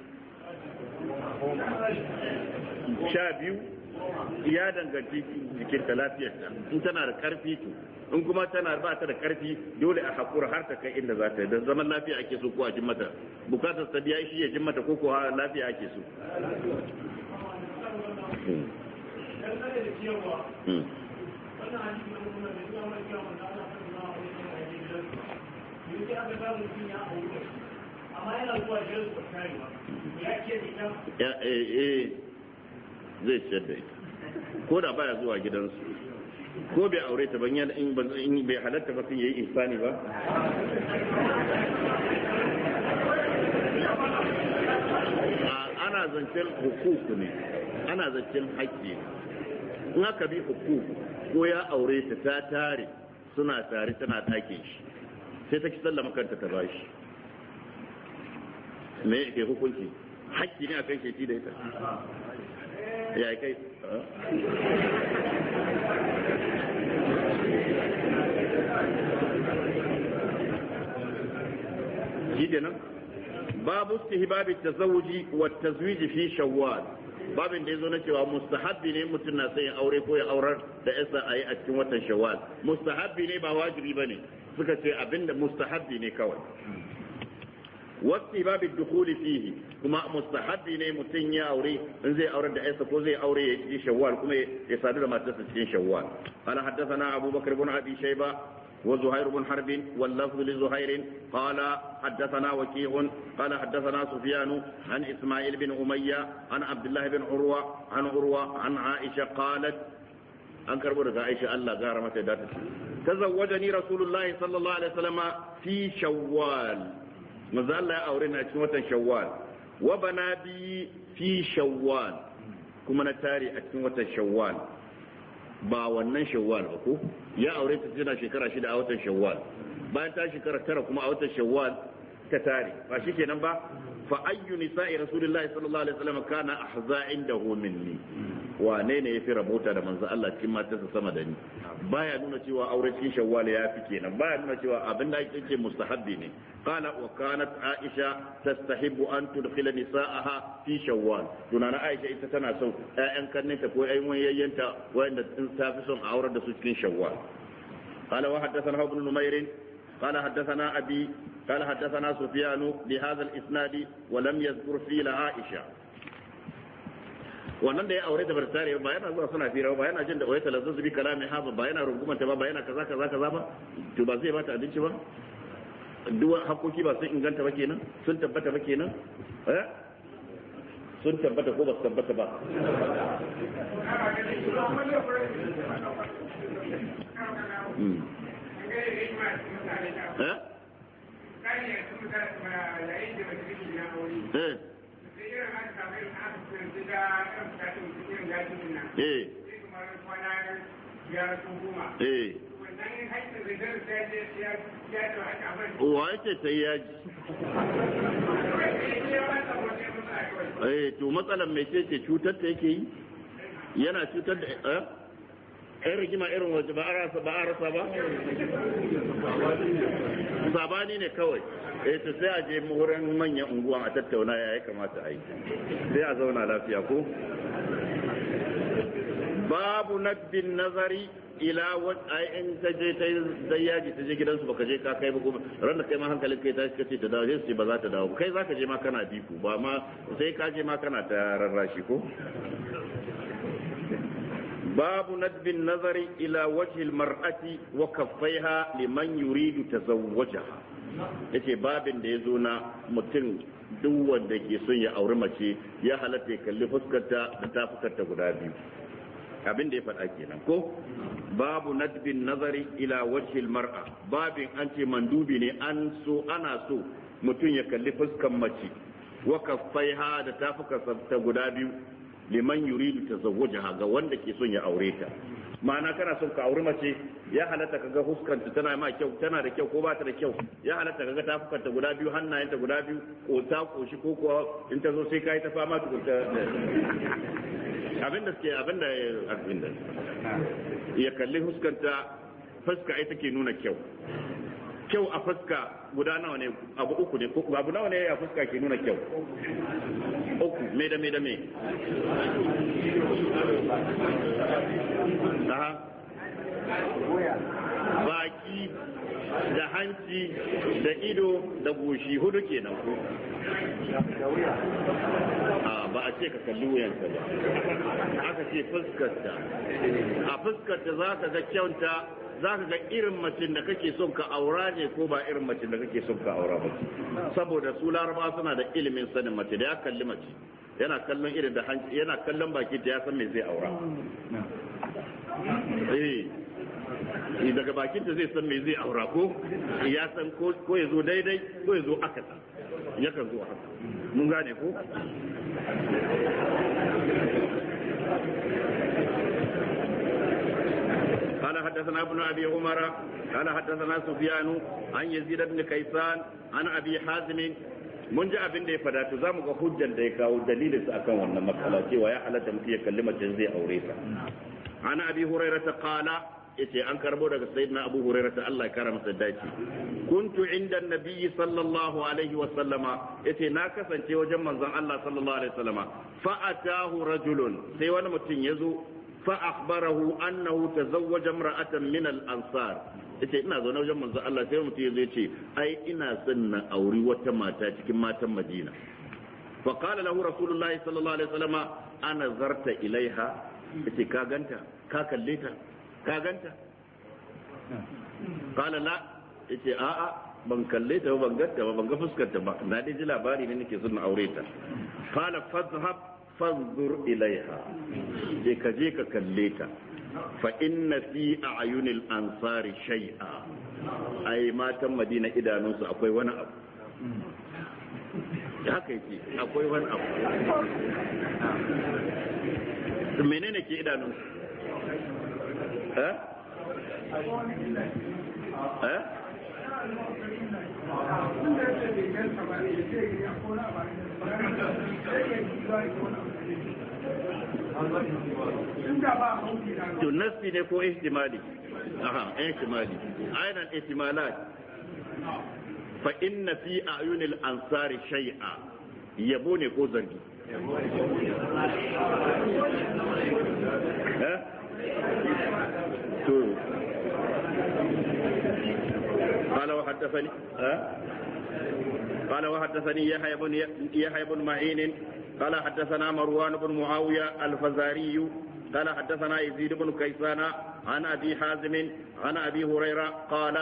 sha biyu ya danganci jikinta lafiyarta in tana da karfi to in kuma tana ba ta da karfi dole a hakura har ta kai inda za ta da zaman lafiya ake so ko a mata bukatar ta biya shi ya mata ko ko lafiya ake so hmm. eh, eh, zai ce da ita ko da baya zuwa gidansu ko bai aure ta ban in bai halatta ba sun yayi insani ba ana zancen hukuku ne ana zancen haƙƙi in aka bi hukuku ko ya aure ta ta tare suna tare tana take shi sai ta ki sallama kanta ta ba shi me ke hukunci haƙƙi ne akan ci da ita ya kai shi kenan babu istihbabi tazawuji wa tazwiji fi shawwal babin da yazo na cewa mustahabbi ne mutum na sai aure ko ya aurar da yasa ayi a cikin watan shawwal mustahabbi ne ba wajibi bane suka ce abinda mustahabbi ne kawai واستباب الدخول kuma كما mustahabbi ne mutun ya aure in zai aure da aisa ko zai aure ya yi shawwal kuma ya sadu da matarsa cikin shawwal haddasa haddathana abubakar ibn abi shayba وزهير بن حرب واللفظ لزهير قال حدثنا وكيع قال حدثنا سفيان عن اسماعيل بن اميه عن عبد الله بن عروه عن عروه عن عائشه قالت انكر برد عائشه الله غار متى تزوجني رسول الله صلى الله عليه وسلم في شوال مازال لا اورينا اسمه شوال وبنا بي في شوال كما نتاري اسمه شوال ba wannan shawwal ba ko ya aure ta tana shekara shida a watan shawwal bayan ta shekara tara kuma a watan shawwal ta tare ba shi shikenan ba fa ayyu nisa'i rasulillahi sallallahu alaihi wasallam kana ahza indahu minni wane ne yafi rabota da manzo Allah cikin matarsa sama da ni baya nuna cewa aure cikin shawwal ya fi kenan baya nuna cewa abin da ake ce mustahabbi ne qala wa kanat aisha tastahibbu an tudkhila nisa'aha fi shawwal tunana aisha ita tana son ƴaƴan kannenta ko ƴaƴan yayyanta wanda in ta fi son aure da su cikin shawwal قال وحدثنا ابن نمير قال حدثنا أبي قال حدثنا سفيان بهذا الاسناد ولم يذكر فيه عائشة wannan da ya aure da bartare ba yana zuwa suna firawa ba yana jin da wayata lazzu bi kalamin haza ba yana rungumanta ba ba yana kaza kaza kaza ba to ba zai bata abinci ba duk hakoki ba sun inganta ba kenan sun tabbata ba kenan eh sun tabbata ko ba su tabbata ba eh eh eh eh sai ya ji eh to matsalan mai ce cutar ta yake yi yana cutar da eh ɗan rigima irin waje ba a rasa ba sabani ne kawai eh to sai a je wurin manyan unguwa a tattauna ya ya kamata a yi sai a zauna lafiya ko babu nabbin nazari ila wani ai in ta je ta dai yaji ta je gidansu baka je ka kai ba kuma ran da kai ma hankalin kai ta shi ta dawo sai ce ba za ta dawo kai zaka je ma kana biku ba ma sai ka je ma kana ta rarrashi ko باب ندب النظر الى وجه المراه وكفيها لمن يريد تزوجها yace babin da ya zo na mutum duk wanda ke son ya auri mace ya halatta ya kalli fuskarta da tafukarta guda biyu abin da ya faɗa kenan ko babu nadbin nazari ila wajhil mar'a babin an ce mandubi ne an so ana so mutum ya kalli fuskan mace wa kaffaiha da tafukarsa ta guda biyu liman yuridu tazawwajaha ga wanda ke son ya aure ta ma'ana kana son ka auri mace ya halatta ka ga huskanta tana ma kyau tana da kyau ko ba ta da kyau ya halatta ka ga tafukanta guda biyu hannayenta guda biyu ko ta koshi ko kuwa in ta zo sai kai ta fama tukunta gurta abinda suke abinda da abin ya kalli huskanta fuska ita ke nuna kyau kyau a fuska guda nawa ne abu uku ne abu nawa ne a fuska ke nuna kyau uku me da me da me baki da hanci da ido da goshi hudu kenan ko a ba a ce ka kalli wuyanka ba aka ce fuskarta a fuskarta za ka ga kyauta za ka ga irin macin da kake son ka aura ne ko ba irin macin da kake son ka aura ba saboda su laraba suna da ilimin sanin mace da ya kalli mace yana kallon irin da hanci yana kallon baki da ya san me zai aura eh, eh daga bakin ta zai san me zai aura ko ya san ko ya zo daidai ko ya zo akasa yakan zo haka mun gane ko قال حدثنا ابن ابي عمر قال حدثنا سفيان عن يزيد بن كيسان عن ابي حازم mun ji abin da ya fada to za mu ga hujjar da ya kawo dalilin su akan wannan matsala cewa ya halatta mutum ya kalli mace zai aure ta ana abi hurairah ta qala yace an karbo daga sayyidina abu hurairah ta Allah ya kara masa dace kuntu inda nabiyyi sallallahu alaihi wa sallama yace na kasance wajen manzon Allah sallallahu alaihi wa sallama fa atahu rajulun sai wani mutum ya zo فأخبره أنه تزوج امرأة من الأنصار yace ina zaune wajen manzon Allah sai mutum ya ce ai ina son na auri wata mata cikin matan Madina fa qala lahu rasulullahi sallallahu alaihi wasallam ana zarta ilaiha yace ka ganta ka kalle ka ganta qala a'a ban kalleta ba, ban ganta ba ban ga fuskar ta ba na dai ji labari ne nake son na aure ta fala fadhhab fanzur ilaiha je ka je ka kalle ta fa inna fi a'yunil ansari shay'a ai matan madina idanunsu akwai wani abu haka yake akwai wani abu menene ke su eh eh to nasbi ne ko ihtimali aha ihtimali ainihin ihtimalat fa inna fi ayunil ansari shay'a yabo ne ko zargi eh? to قال وحدثني قال وحدثني يحيى بن يحيى بن معين قال حدثنا مروان بن معاوية الفزاري قال حدثنا يزيد بن كيسان عن أبي حازم عن أبي هريرة قال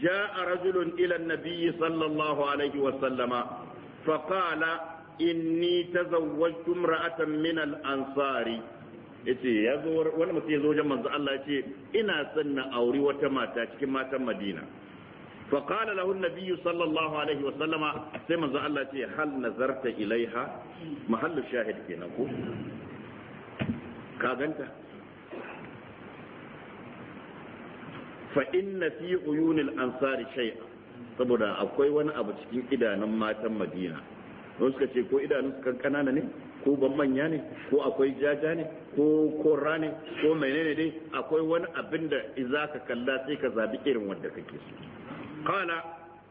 جاء رجل إلى النبي صلى الله عليه وسلم فقال إني تزوجت امرأة من الأنصار yace ya ولا wani mutum من الله wajen manzo Allah yace ina son na cikin matan fa qala lahu an sallallahu alaihi wa sallama sai manzo Allah ce hal nazarta ilaiha mahallu shahid kenan ko ka ganta fa inna fi uyuni shay'a saboda akwai wani abu cikin idanun matan Madina don suka ko idanun suka kanana ko ban manya ko akwai jaja ne ko korra ne ko menene dai akwai wani abin da za ka kalla sai ka zaɓi irin wanda kake so qala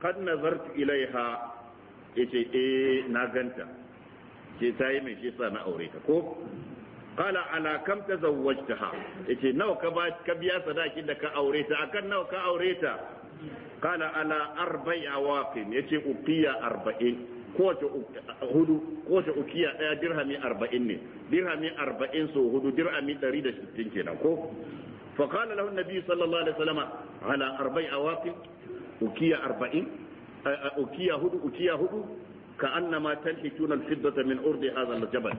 qad nazartu ilaiha yace eh na ganta ce ta yi mai shi sa na aure ta ko qala ala kam ta tazawwajtaha yace nawa ka ba ka biya sadakin da ka aure ta akan nawa ka aure ta qala ala arba'i awaqin yace uqiya arba'in kowace hudu kowace ukiya daya dirhami arba'in ne dirhami arba'in so hudu dirhami ɗari da sittin kenan ko فقال له النبي صلى الله عليه وسلم على أربع أواقف ukiya arba'in ukiya hudu ukiya hudu ka annama tunan al-fiddata min urdi hadha al-jabal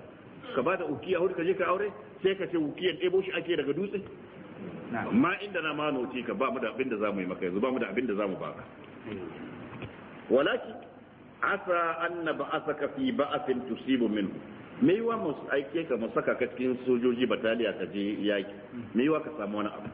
ka bada ukiya hudu ka je ka aure sai ka ce ukiyan ɗebo shi ake daga dutse ma inda na ma noce ka ba mu da abin da zamu yi maka yanzu ba mu da abin da zamu baka walaki asa anna ba'asaka fi ba'asin tusibu minhu me wa mu aike ka mu saka ka cikin sojoji bataliya ka je yaki me wa ka samu wani abu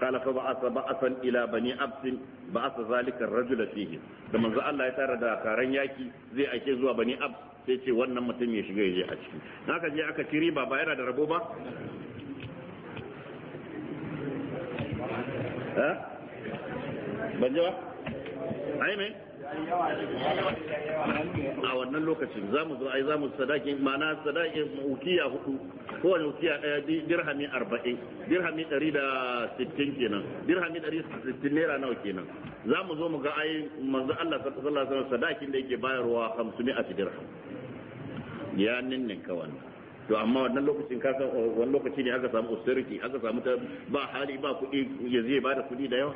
قال فبعث بعثا الى بني عبس بعث ذلك الرجل فيه da manzo Allah ya tara da karan yaki zai aike zuwa bani abs sai ce wannan mutum ya shiga yaje a ciki naka je aka ci riba ba yana da rabo ba ban ji ba ai mai? a wannan lokacin za mu zo ai za mu sadaki mana sadaki ukiya hudu wani ukiya daya dirhami arba'in dirhami dari da sittin kenan dirhami da sittin naira nawa kenan za mu zo mu ga ai manzo Allah sallallahu alaihi wasallam sadakin da yake bayarwa hamsin a dirham ya ka wannan to amma wannan lokacin ka san wannan lokaci ne aka samu austerity aka samu ta ba hali ba kuɗi ya bada ba da kuɗi da yawa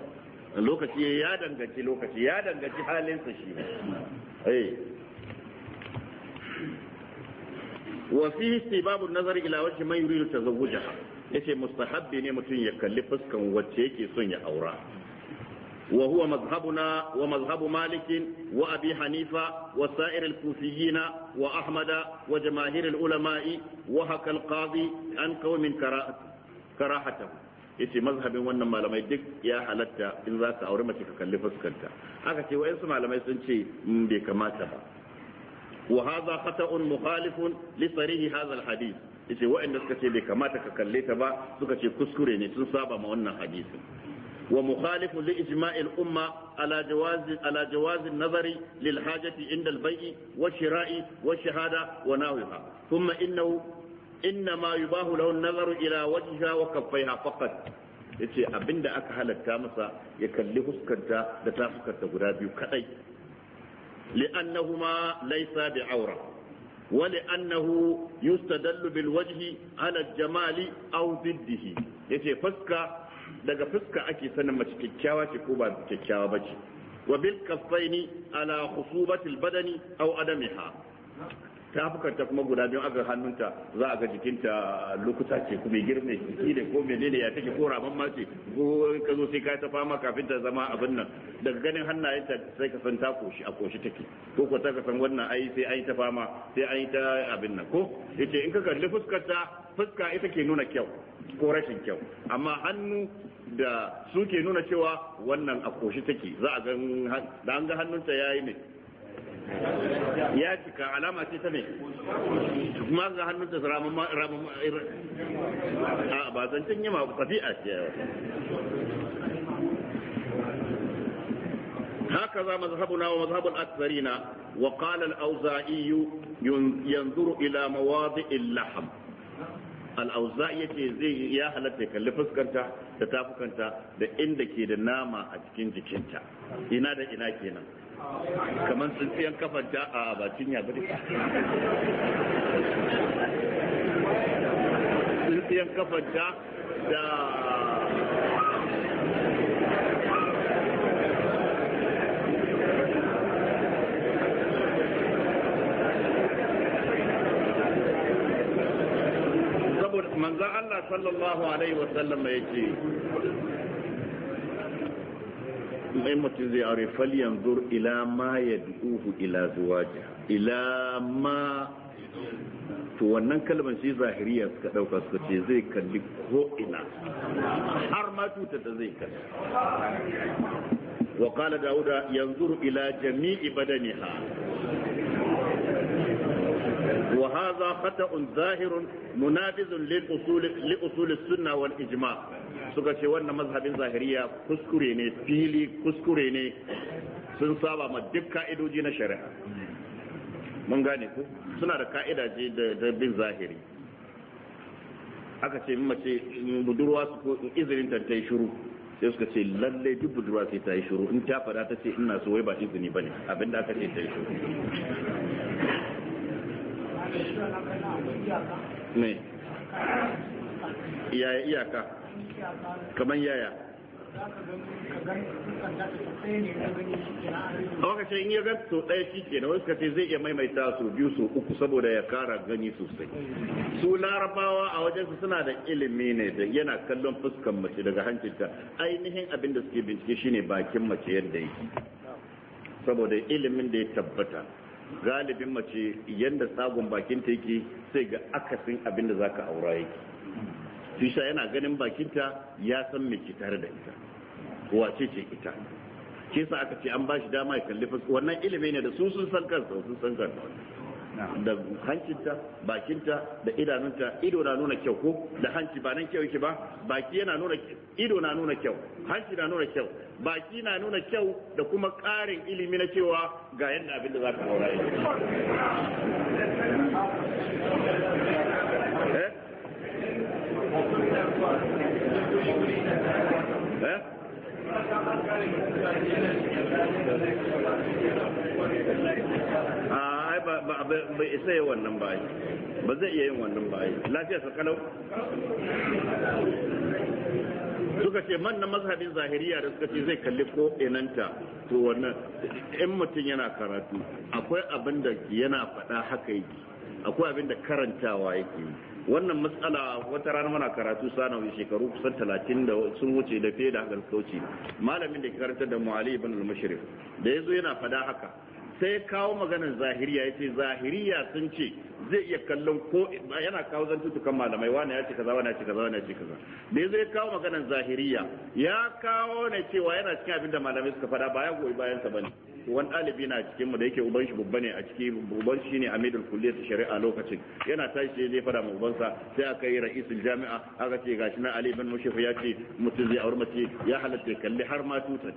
lokaci ya danganci lokaci ya danganci halinsa shi eh. wa fi istibabu nazar ila wajhi man yuridu tazawwujaha yace mustahabbi ne mutum ya kalli fuskan wacce yake son ya aura wa huwa mazhabuna wa mazhabu malikin wa abi hanifa wa sa'ir al wa ahmada wa jamaahir al Ulama'i, wa hakal qadi an min karahatahu yace mazhabin wannan malamai duk ya halatta in za ka aure mace ka kalli fuskanta aka ce wayansu malamai sun ce bai kamata ba wa hadha khata'un mukhalifun li sarihi hadha alhadith yace wa'anda suka ce bai kamata ka kalle ta ba suka ce kuskure ne sun saba ma wannan hadisin wa mukhalifun li ijma'il umma ala jawaz ala jawaz an-nazari lil hajati inda al-bay'i wa shira'i wa shahada wa nawiha thumma innahu إنما يباه له النظر إلى وجهها وكفيها فقط yace abinda aka halatta masa ya kalli fuskanta da tafukarta guda biyu kadai li'annahuma laysa aura wa li'annahu yustadallu bil wajhi ala jamali aw diddihi yace fuska daga fuska ake sanin mace kyakkyawa ce ko ba kyakkyawa bace wa bil kaffaini ala khusubati al badani aw adamiha ta kuma guda biyu aka hannunta za a ga jikinta lokuta ce mai girme jiki ne ko menene ya take ko raman ma ko ka zo sai ka ta fama kafin ta zama abin nan daga ganin hannayen ta sai ka san ta koshi a koshi take ko ko ta ka san wannan ai sai ai ta fama sai ai ta abin nan ko yace in ka kalli fuskar ta fuska ita ke nuna kyau ko rashin kyau amma hannu da su nuna cewa wannan a koshi take za a ga ga hannunta yayi ne ya cika alama ce ta ne kuma ga hannun ta ramama a ba zancen yi ma tafi'a ce هكذا مذهبنا ومذهب الأكثرين وقال الأوزائي ينظر إلى مواضع اللحم al'auza yake zai ya halatta ya kalli fuskanta da tafukanta da inda ke da nama a cikin jikinta ina da ina kenan kamar tsintsiyan kafanta a bakin ya bari tsintsiyan kafanta da manzan Allah sallallahu alaihi wasallam ya ce mai mutum zai aure falyan zur ila ma ya duhu ila ja. ila ma to wannan kalmar shi zahiriya suka ɗauka suka ce zai kalli ko ina har ma tuta da zai kalli wa qala dauda yanzuru ila jami'i badaniha وهذا خطأ ظاهر منافذ للأصول لأصول السنة والإجماع suka ce wannan mazhabin zahiriya kuskure ne fili kuskure ne sun saba ma duk ka'idoji na shari'a mun gane ku suna da ka'idaje da bin zahiri aka ce mace budurwa su ko izinin ta yi shiru sai suka ce lallai duk budurwa sai ta yi shuru. in ta fada ta ce ina so wai ba izini bane abinda aka ce ta yi shuru. me yaya iyaka kamar yaya a ce in ya ga sau ɗaya shi ke na wasu zai iya maimaita su biyu su uku saboda ya kara gani sosai su larabawa a wajensu suna da ilimi ne da yana kallon fuskan mace daga hancinta ainihin abin da suke bincike shine bakin mace yadda yake saboda ilimin da ya tabbata galibin mace yadda sagon bakinta yake sai ga akasin abin da zaka aura yake fisa yana ganin bakinta ya san me ke tare da ita wace ce ita ke aka ce an ba shi dama ya kalli wannan ilimi ne da sun san kansa sun san kansa da hancinta bakinta da idanunta ido na nuna kyau ko da hanci ba nan kyau yake ba baki yana nuna ido na nuna kyau hanci na nuna kyau baki na nuna kyau da kuma ƙarin ilimi na cewa ga yadda abin da za ka haura eh, eh? Ah. ba bai isa yi wannan bayi ba zai iya yin wannan ba lafiya su kalau suka ce man na mazhabin zahiriya da suka ce zai kalli ko inanta to wannan in mutum yana karatu akwai abin da yana faɗa haka yake akwai abin da karantawa yake wannan matsala wata rana muna karatu sanawi shekaru kusan talatin da sun wuce da fiye da haka malamin da ke karantar da mu'ali ibn al mashrif da yazo yana fada haka sai ya kawo maganar zahiriya ya ce zahiriya sun ce zai iya kallon ko yana kawo zantutukan malamai wani ya ce kaza wani ya ce kaza wani ya ce kaza da zai kawo maganar zahiriya ya kawo ne cewa yana cikin abin da malamai suka faɗa ba ya goyi bayan sa bane wan ɗalibi na cikin mu da yake uban shi babba ne a ciki uban shi ne amidul su shari'a lokacin yana tashi sai zai faɗa ma sa sai aka yi ra'isul jami'a aka ce gashi na ali ibn mushaf ya ce mutum zai aure mace ya halatta kalli har ma tutar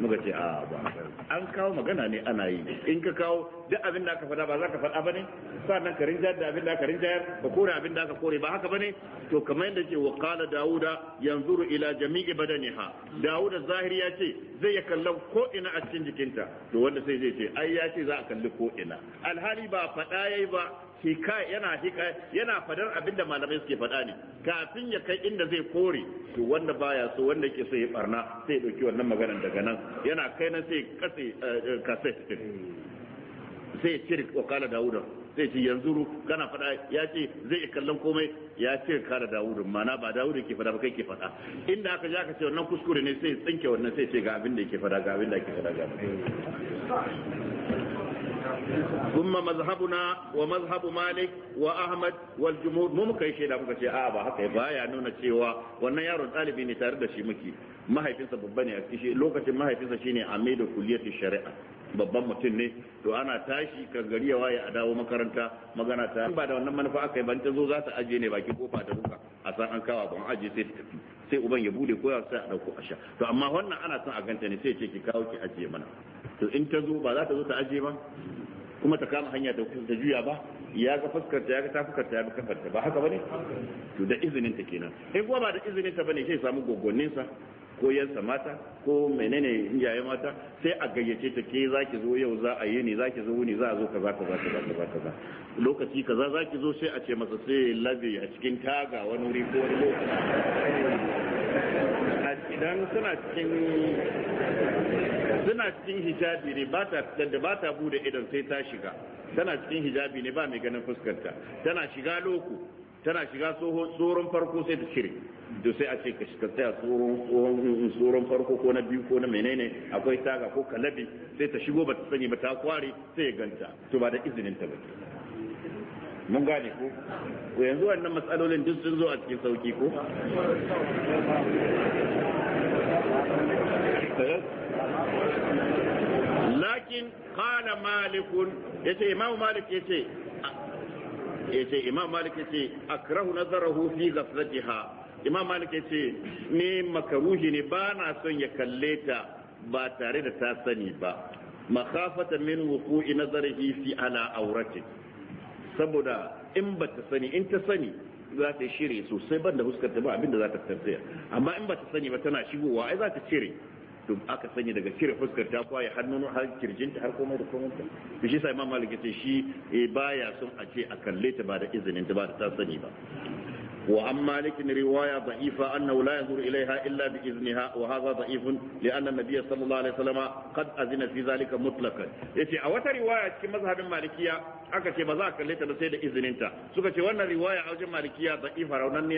muka ce a ah, ba an kawo magana ne ana yi in ka kawo duk abin da aka fada ba za ka faɗa bane sannan ka rinjayar da abin da aka rinjayar ba kore abin da aka kore ba haka bane to kamar yadda ce wa qala dauda yanzuru ila jami'i badaniha dauda zahiri ya ce zai ya kallon ko'ina a cikin jikinta to wanda sai zai ce ai ya ce za a kalli ko ina alhali ba faɗa yayi ba hikaya yana hikaya yana fadar abinda malamai suke fada ne kafin ya kai inda zai kore to wanda baya so wanda yake so ya barna sai ya dauki wannan maganar daga nan yana kai na sai katse kase eh, sai sai cire wakala dawuda sai ce yanzu kana fada ya ce zai kallon komai ya ce kala dawudin mana ba dawudin ke fada ba kai ke fada inda aka ji aka ce wannan kuskure ne sai tsinke wannan sai ce ga abin da yake fada ga abin da yake fada ga abin mazhabuna wa mazhabu Malik wa Ahmad والجمهور mu muka yi shaida muka ce a ba haka ba nuna cewa wannan yaron ɗalibi ne tare da shi muke mahaifinsa babba ne a lokacin mahaifinsa shine amidu kuliyar shari'a babban mutum ne to ana tashi kangari gari ya waye a dawo makaranta magana ta ba da wannan manufa aka yi ban ta zo za ta aje ne baki kofa da ruka a san an kawa ban aje sai ta tafi sai uban ya bude koya sai a dauko a sha to amma wannan ana son a ganta ne sai ce ki kawo ki aje mana to in ta zo ba za ta zo ta aje ba kuma ta kama hanya ta ta juya ba ya ga ta ya ga ta ya ga kafarta ba haka bane to da izinin ta kenan in kuma ba da izinin ta bane sai samu gogonnin sa ko yansa mata ko menene iyaye mata sai a gayyace ta ke za ki zo yau za a yi ne za ki zo ne za a zo kaza kaza kaza kaza kaza lokaci kaza za ki zo sai a ce masa sai labe a cikin taga wani wuri ko wani lokaci idan suna cikin suna cikin hijabi ne ba ta da ba ta bude idan sai ta shiga tana cikin hijabi ne ba mai ganin fuskarta tana shiga loko tana shiga tsoron farko sai ta cire to sai a ce ka shiga tsaya tsoron farko ko na biyu ko na menene akwai taga ko kalabi sai ta shigo ba ta sani ba ta kware sai ya ganta to ba da izinin ta ba mun gane ko ko yanzu wannan matsalolin duk sun zo a cikin sauki ko eh? lakin qala malikun yace imamu malik yace yace imam malik yace akrahu nazarahu fi ghaflatiha imam malik yace ni makaruhi ne ba na son ya kalle ta ba tare da ta sani ba makhafata min wuqu'i nazarihi fi ala awrati saboda in ba ta sani in ta sani za ta shiri sosai ban da huskar ta ba abinda za ta tafiya amma in ba ta sani ba tana shigowa ai za ta cire duk aka sanya daga cire fuskar ta kwaye har nuno har kirjinta har komai da komai ta to shi sai imamu shi e baya sun a ce a kalle ta ba da izinin ta ba ta sani ba wa amma likin riwaya da'ifa annahu la yanzur ilaiha illa bi iznha wa hadha da'ifun li anna nabiyya sallallahu alaihi wasallama qad azina fi zalika mutlaqan yace a wata riwaya cikin mazhabin malikiya aka ce ba za a kalle ta da sai da izinin ta suka ce wannan riwaya a wajen malikiya da'ifa raunan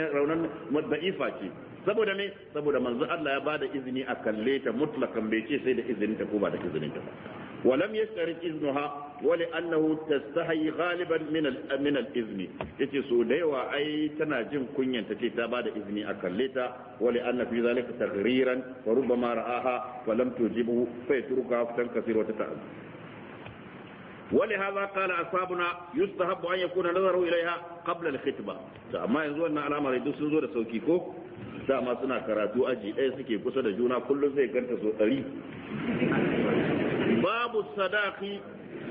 da'ifa ce saboda ne saboda manzo Allah ya bada izini a kalle ta mutlakan bai ce sai da izinin ta ko ba da izinin ta ولم يشترط إذنها ولأنه تستحي غالبا من من الإذن يتي سوديوا أي تناجم كنيا تتي تابعد إذني أكلتا ولأن في ذلك تغريرا وربما رآها فلم تجبه فيتركها فتنكسر وتتأذى ولهذا قال أصحابنا يستحب أن يكون نظره إليها قبل الخطبة أما ينزو أن الأمر يدوس نزو لسوكيكو dama suna karatu aji ɗaya suke kusa da juna kullum zai garta so ɗari babu sadaki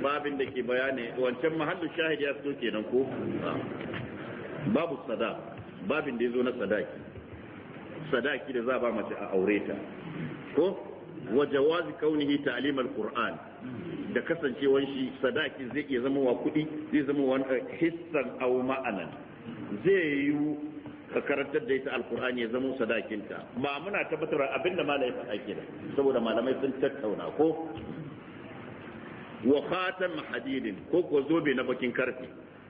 babin da ke bayani wancan mahallin shahid ya fito kenan ko babu sada babin da ya zo na sadaki sadaki da za ba mace a aure ta ko wa jawazi kaunihi ta'lim al da kasancewan shi sadaki zai iya zama wa kudi zai zama wa eh, hissan aw ma'anan zai yi karantar da ita alkur'ani ya zama sadakinta ba muna tabbatar abinda malamai faɗa kenan saboda malamai sun tattauna ko wa khatam hadidin ko ko zobe na bakin karfe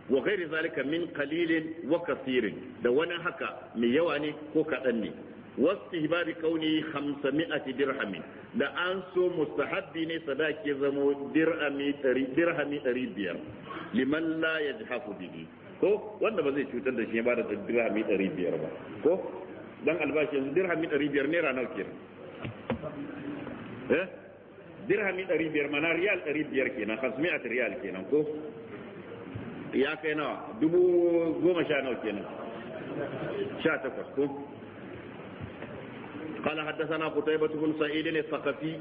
wa ghairi zalika min qalilin wa kathirin da wani haka mai yawa ne ko kaɗan ne واستهباب كونه 500 درهم da an so mustahabbi ne sadaki zamo dirhami biyar liman la yajhafu bihi ko wanda ba zai cutar da shi ba da dirhami biyar ba ko dan albashi yanzu dirhami biyar naira nawa kenan eh dirhami biyar mana riyal biyar kenan 500 riyal kenan ko ya kai nawa dubu goma sha nawa kenan sha takwas ko قال حدثنا قتيبة بن سعيد الثقفي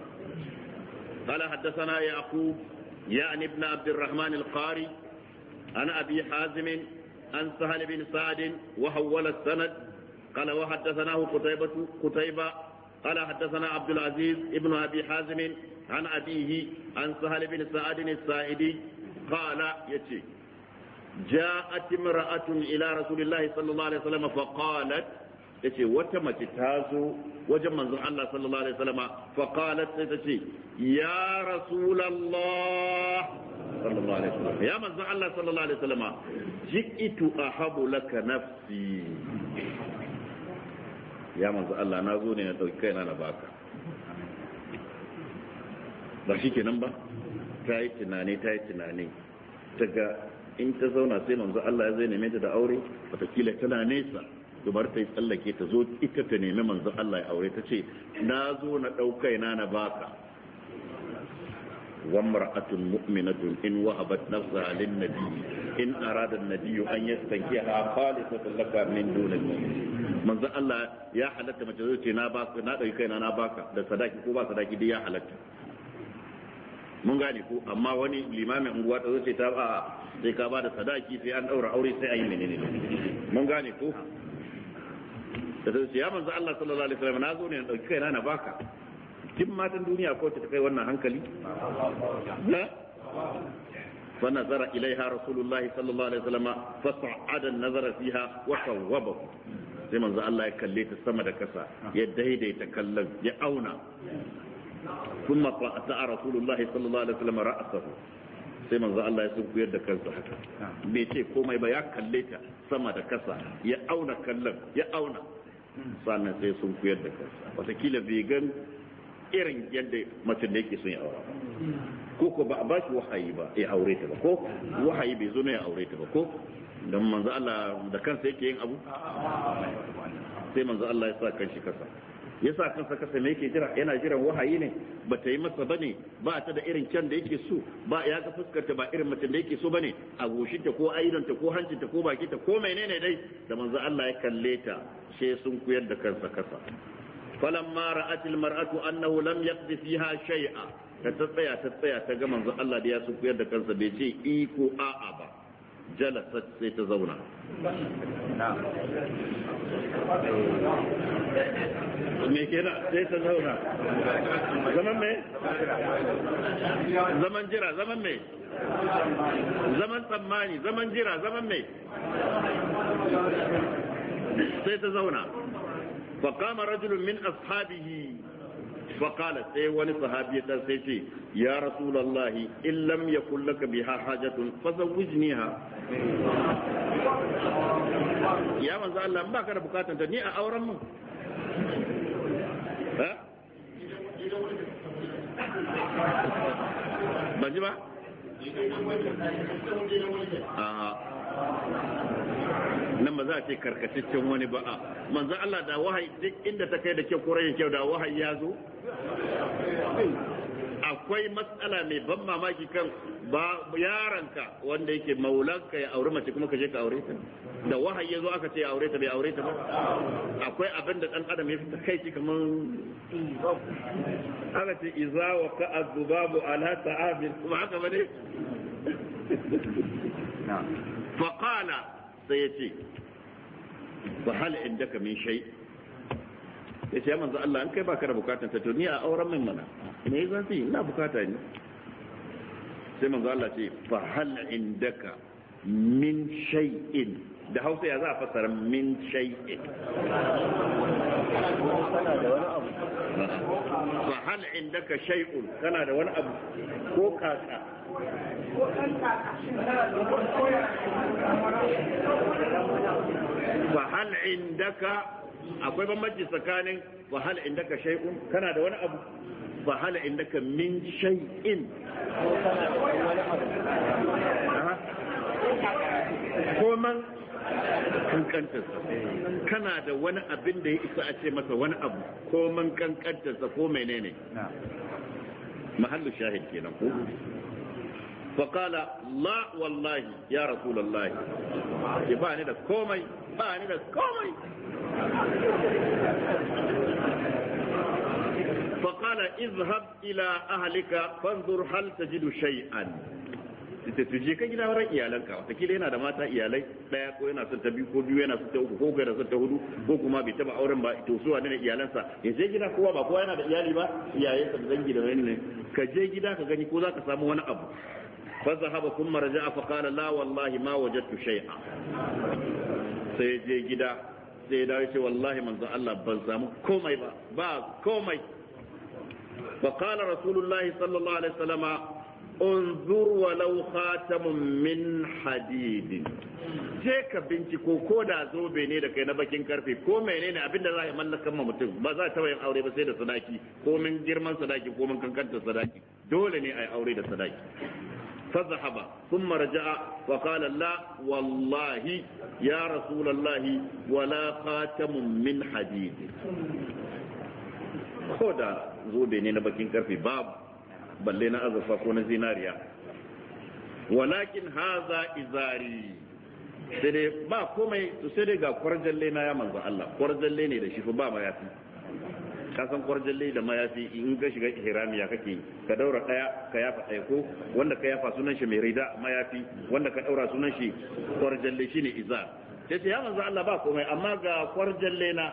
قال حدثنا يعقوب يعني ابن عبد الرحمن القاري عن أبي حازم عن سهل بن سعد وحول السند قال وحدثناه قتيبة قتيبة قال حدثنا عبد العزيز ابن أبي حازم عن أبيه عن سهل بن سعد السائدي قال يتي جاءت امرأة إلى رسول الله صلى الله عليه وسلم فقالت yace wata mace ta zo wajen manzon Allah sallallahu alaihi wasallama fa qalat sai ta ce ya rasulullah sallallahu alaihi wasallam ya manzon Allah sallallahu alaihi wasallama ji'itu ahabu laka nafsi ya manzon Allah na zo ne na dauki kaina na baka ba shi kenan ba ta yi tunani ta yi tunani daga in ta zauna sai manzo Allah ya zai neme ta da aure kila tana nesa dubar ta yi tsallake ta zo ita ta nemi manzo Allah ya aure ta ce na zo na ɗaukai na na baka wamra'atun mu'minatun in wahabat nafsaha lin nabi in arada an-nabi an yastankiha khalisatan laka min dunil mu'minin manzo Allah ya halatta mace zo ce na baka na ɗauki kaina na baka da sadaki ko ba sadaki dai ya halatta mun gane ko amma wani limamin unguwa ta zo ce ta ba sai ka ba da sadaki sai an daura aure sai a yi menene mun gane ko da sai ya manzo Allah sallallahu alaihi wasallam na zo ne na dauki kaina na baka kin matan duniya ko ta kai wannan hankali na فنظر ilaiha رسول الله صلى الله عليه وسلم nazara fiha wa وصوبه sai manzo Allah ya kalle ta sama da kasa ya daidaita kallon ya auna kuma fa'ata rasulullahi sallallahu alaihi wasallam ra'asahu sai manzo Allah ya sunkuyar da kansa haka bai ce komai ba ya kalle ta sama da kasa ya auna kallon ya auna sannan sai sun kuyar da kansa watakila bai gan irin yadda mace da yake sun yi aure ko ko ba a ba shi wahayi ba ya aure ta ba ko wahayi bai zo ne ya aure ta ba ko don manzo Allah da kansa yake yin abu sai manzo Allah ya sa kanshi kasa yasa kansa kasa me yake jira yana jiran wahayi ne ba ta yi masa bane ba ta da irin can da yake so ba ya ga fuskarta ba irin mutum da yake so bane a goshinta ko aidonta ko hancinta ko bakinta ko menene dai da manzo Allah ya kalle ta sai sun kuyar da kansa kasa falamma ra'at almar'atu annahu lam yaqdi fiha shay'a ta tsaya ta tsaya ta ga manzo Allah da ya sun kuyar da kansa bai ce i ko a'a ba jalasat sai ta zauna me sai ta zauna zaman mai zaman jira zaman mai zaman tsammani zaman jira zaman mai sai ta zauna rajulun min ashabihi kala sai wani sahabi ya sai ce ya lallahi, in lam yakul laka biha hajatun ne ha. ya manzo Allah ba ka da bukatan ni a auren mu ba ji ba nan ba za a ce karkashin wani ba a ah, manzan Allah da wahayi duk inda ta kai da kyau kurai kyau da wahayi ya zo akwai matsala mai ban mamaki kan ba yaranka wanda yake maulanka ya aure mace kuma ka je ka aure ta da wahayi yazo aka ce aure ta bai aure ta ba akwai abin da dan adam ya fita kai shi kaman aka ce iza wa ka azubabu ala ta'abin kuma haka bane fa qala sayati wa hal indaka min shay' ya ce manzo Allah an kai baka da bukatan ta to ni a auren min mana me yasa sai ina bukata ne sai manzo Allah ce fa hal indaka min shay'in da Hausa ya za a fassara min shay'in fa hal indaka shay'un kana da wani abu ko kaka fa hal indaka akwai bambanci tsakanin wahala hal indaka shay'un kana da wani abu fa hal indaka min shay'in ko man kankantarsa kana da wani abin da ya isa a ce masa wani abu ko man kankantarsa ko menene mahallu shahid kenan ko فقال لا والله يا رسول الله ba ni da komai ba ni da komai فقال اذهب الى اهلك فانظر هل تجد شيئا ita tuje ka gida wurin iyalanka watakila yana da mata iyalai daya ko yana son ta biyu ko biyu yana son ta uku ko ga son ta hudu ko kuma bai taba auren ba to zuwa ne iyalansa ya je gida kowa ba kowa yana da iyali ba iyayen sa zangi da wani ne ka je gida ka gani ko zaka samu wani abu fa zahaba kuma raja'a fa qala la wallahi ma wajadtu shay'a sai je gida sai ya dawo ce wallahi manzon Allah ban samu komai ba ba komai fa qala rasulullahi sallallahu alaihi wasallama unzur walau khatamun min hadid je ka binciko ko da zobe ne da kai na bakin karfe ko menene abinda za ya mallakan ma mutum ba za ta yin aure ba sai da sadaki ko min girman sadaki ko min kankantar sadaki dole ne a yi aure da sadaki فذهب ثم رجع وقال لا والله يا رسول الله ولا خاتم من حديد خدا زوبي نينا بكين كرفي باب بلنا أزفا كون زيناريا ولكن هذا إزاري sai dai ba komai to sai dai ga kwarjalle na ya manzo Allah kwarjalle ne da shi fa ba ma yafi ka san kwarjalle da mayafi in ka shiga ihrami ya kake ka daura daya ka yafa daya ko wanda ka yafa sunan shi mai rida mayafi wanda ka daura sunan shi kwarjalle shine izar sai sai ya manzo Allah ba komai amma ga kwarjalle na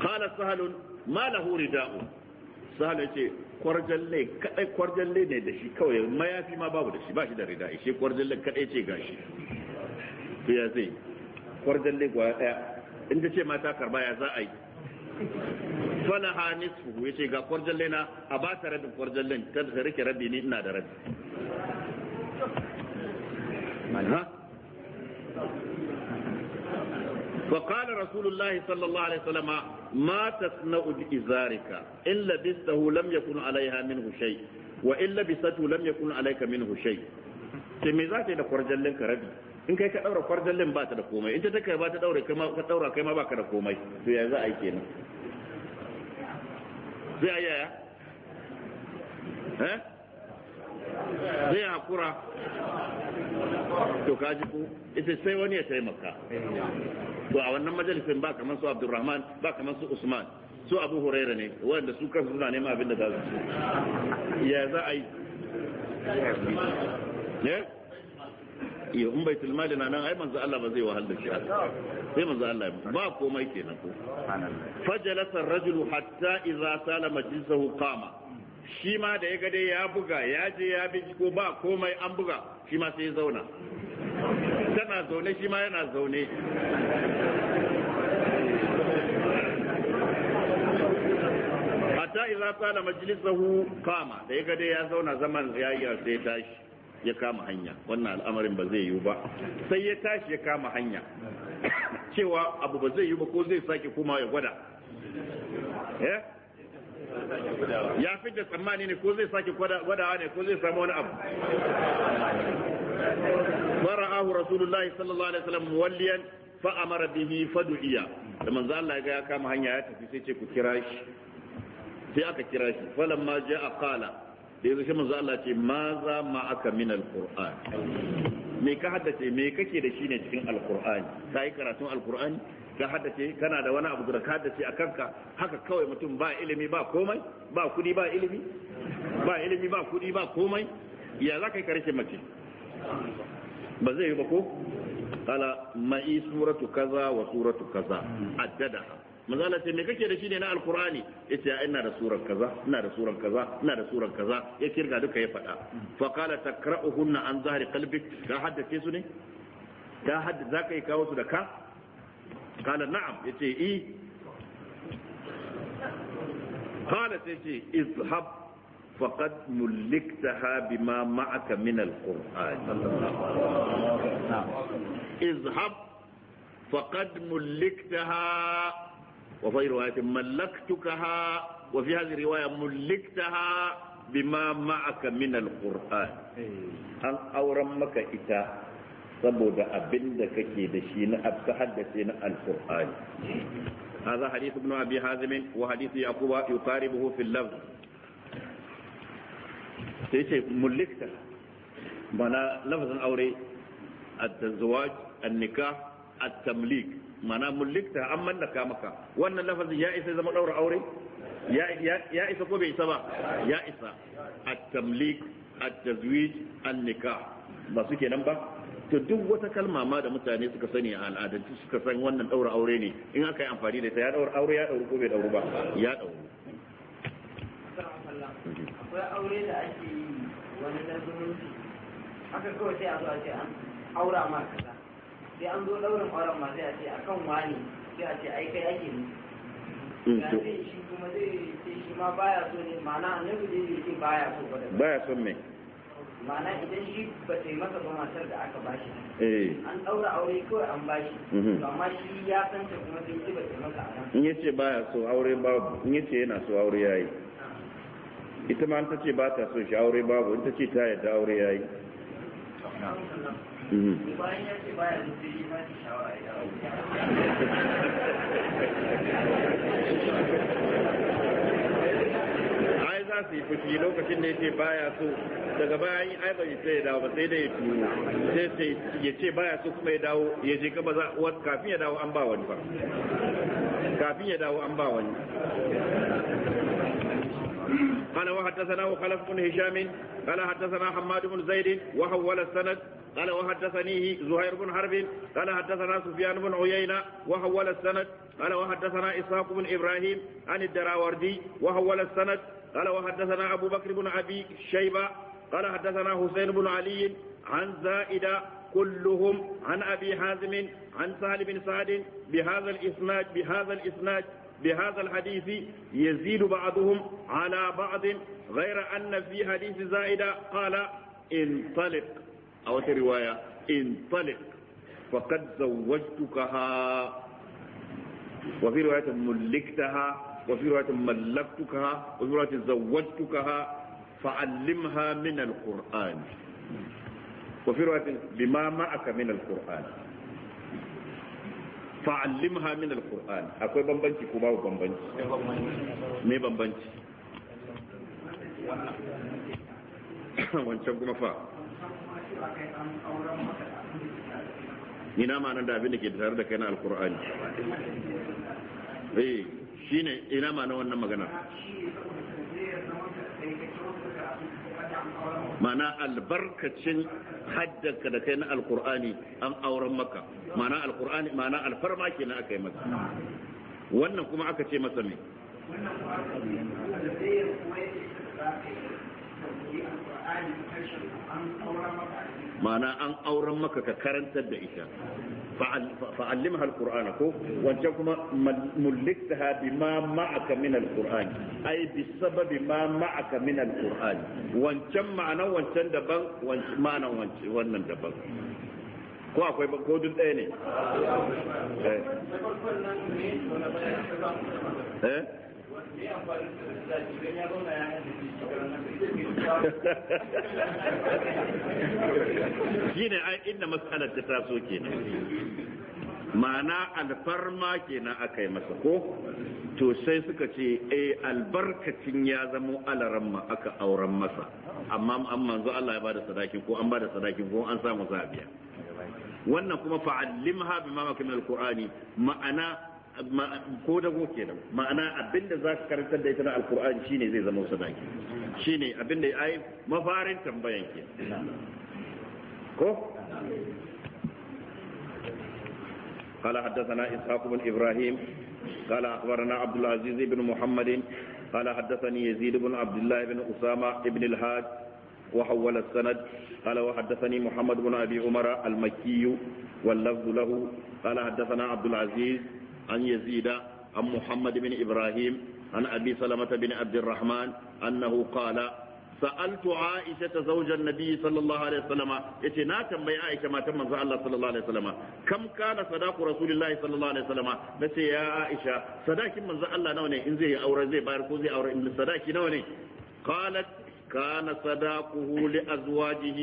qala sahlun ma lahu rida'u sahal yace kwarjalle kadai kwarjalle ne da shi kawai mayafi ma babu da shi ba shi da rida shi kwarjalle kadai ce gashi ya zai kwarjan ne gwaya ɗaya in ta ce mata karba ya za a yi fala ha nisfu ya ce ga kwarjan lena a ba ta rabin kwarjan lena ta da rike rabi ni ina da rabi wa qala rasulullahi فقال رسول الله صلى الله عليه وسلم ما تصنع بإزارك إن لبسته لم يكن عليها منه شيء وإن لبسته لم يكن عليك منه شيء كم ذاتي لقرجل لك rabi in kai ka daura kwarjallin ba ta da komai in ta kai ba ta ma ka daura kai ma ba ka da komai to ya za a yi kenan zai ya ya eh zai hakura to kaji ku ita sai wani ya taimaka to a wannan majalisin ba kamar su abdurrahman ba kamar su usman su abu huraira ne wanda su kansu suna neman abin da za su ya za a yi ne eh? iya in baitul mali na nan ai manzo Allah ba zai wahal shi sai manzo Allah ba komai kenan ko fajalasa ar-rajulu hatta idza sala majlisahu qama shi ma da ya ga dai ya buga ya je ya bi ko ba komai an buga shi ma sai ya zauna tana zaune shi ma yana zaune hatta idza sala majlisahu qama da ya ga dai ya zauna zaman ya yi sai tashi ya kama hanya wannan al'amarin ba zai yiwu ba sai ya tashi ya kama hanya cewa abu ba zai yiwu ba ko zai sake kuma ya gwada eh? ya fi da tsammani ne ko zai sake gwadawa ne ko zai samu wani abu mara'ahu rasulullahi sallallahu alaihi wasallam muwalliyan fa amara bihi iya. da manzo Allah ya kama hanya ya tafi sai ce ku kira shi sai aka kira shi falamma ja'a qala da yanzu shi manzo Allah ce ma za ma aka min alquran me ka haddace me kake da shi ne cikin alqur'ani kai karatun alqur'ani ka haddace kana da wani abu da ka haddace a kanka haka kawai mutum ba ilimi ba komai ba kudi ba ilimi ba ilimi ba kudi ba komai ya za ka yi karshe mace ba zai yi ba ko kala ma'i suratu kaza wa suratu kaza addada mazala ce me kake da shi ne na alkur'ani ya ya ina da suran kaza ina da suran kaza ina da suran kaza ya kirga duka ya faɗa fa kala takra'uhunna an zahri qalbi ka haddace su ne ka hadda ka yi kawo su da ka kala na'am ya ce i kala sai ce izhab faqad mulliktaha bima ma'aka min alqur'an izhab faqad mulliktaha وفي رواية ملكتكها وفي هذه الرواية ملكتها بما معك من القرآن أن إيه. أورمك إتا saboda أبندك da أبتحدثين da القرآن هذا حديث ابن أبي حازم وحديث يعقوب يقاربه في اللفظ سيتي ملكتها معنى لفظ أوري التزواج النكاح التمليك mana mulikta an mallaka maka wannan lafazin ya isa zama daura aure ya isa ko bai isa ba ya isa at-tamlik at-tazwij an-nikah ba su kenan ba to duk wata kalma ma da mutane suka sani a al'adanci suka san wannan daura aure ne in aka yi amfani da ita ya daura aure ya dauru ko bai dauru ba ya dauru akwai aure da ake yi wani da zumunci aka kawai sai a zo a ce an aura ma kaza sai an zo daurin auren ma sai a ce akan wani sai a ce ai kai ake ne ya mm, shi kuma zai ce shi ma baya so ne a nan zai ce baya so ba baya so me mana idan shi ba sai masa ba matar da aka bashi eh. an daura aure kawai an bashi mm-hmm. to amma shi ya san ta kuma zai ce ba ta masa a in yace baya so aure babu in yace yana so aure yayi ah. ita ma ta ce ba ta so shi aure babu in ta ce ta yadda aure yayi Mhm. ai za su yi fushi lokacin da ya yake baya so daga baya yi ai ba sai ya dawo ba sai da ya tuna sai ya ce baya so kuma ya dawo ya je gaba za a kafin ya dawo an ba wani ba kafin ya dawo an ba wani قال وحدثنا وخلف بن هشام قال حدثنا حماد بن زيد وحول السند قال وحدثنيه زهير بن حرب قال حدثنا سفيان بن عيينة وحول السند قال وحدثنا إسحاق بن إبراهيم عن الدراوردي وحول السند قال وحدثنا أبو بكر بن أبي شيبة قال حدثنا حسين بن علي عن زائدة كلهم عن أبي حازم عن سهل بن سعد بهذا الإسناد بهذا الإسناد بهذا الحديث يزيد بعضهم على بعض غير أن في حديث زائدة قال انطلق أو في رواية انطلق فقد زوجتكها وفي رواية ملكتها وفي رواية ملكتكها وفي رواية زوجتكها فعلمها من القرآن وفي رواية بما معك من القرآن فعلمها من القرآن أكو بمبنتي كوباو بمبنتي مي بمبنتي wancan kuma fa ina ma nan da abin da ke tare da kai na alkur'ani eh shine ina ma nan wannan magana mana albarkacin haddaka da kai na alkur'ani an auren maka mana alkur'ani mana alfarma ke aka yi maka wannan kuma aka ce masa ne ma'ana an auren maka ka karantar da ita fa'allimha alqur'ana ko wancan kuma mulliktaha ma ma'aka min alqur'ani ay bi sababi ma ma'aka min alqur'ani wancan ma'anan wancan daban wancan ma'anan wancan wannan daban ko akwai ba ko duk ɗaya ne eh, eh? shine ai inda matsalar ta taso kenan ma'ana alfarma kenan aka yi masa ko to sai suka ce e albarkacin ya zamo alaramma aka auren masa amma an manzo Allah ya bada sadakin ko an bada sadakin ko an samu zabiya wannan kuma fa'allimha bima maka min ma'ana ko da go kenan ma'ana abinda za ka karantar da ita na alkur'ani shine zai zama sadaki shine abinda ai mafarin tambayan ke ko قال حدثنا إسحاق بن إبراهيم قال أخبرنا عبد العزيز بن محمد قال حدثني يزيد بن عبد الله بن أسامة بن الهاج وحول السند قال وحدثني محمد بن أبي عمر المكي واللفظ له قال حدثنا عبد العزيز عن يزيد عن محمد بن إبراهيم عن أبي سلمة بن عبد الرحمن أنه قال سألت عائشة زوج النبي صلى الله عليه وسلم يتنا تنبي عائشة ما تم الله صلى الله عليه وسلم كم كان صداق رسول الله صلى الله عليه وسلم نسي يا عائشة صداق من الله نوني إن زي أو رزي باركو زي أو إن صداق نوني قالت كان صداقه لأزواجه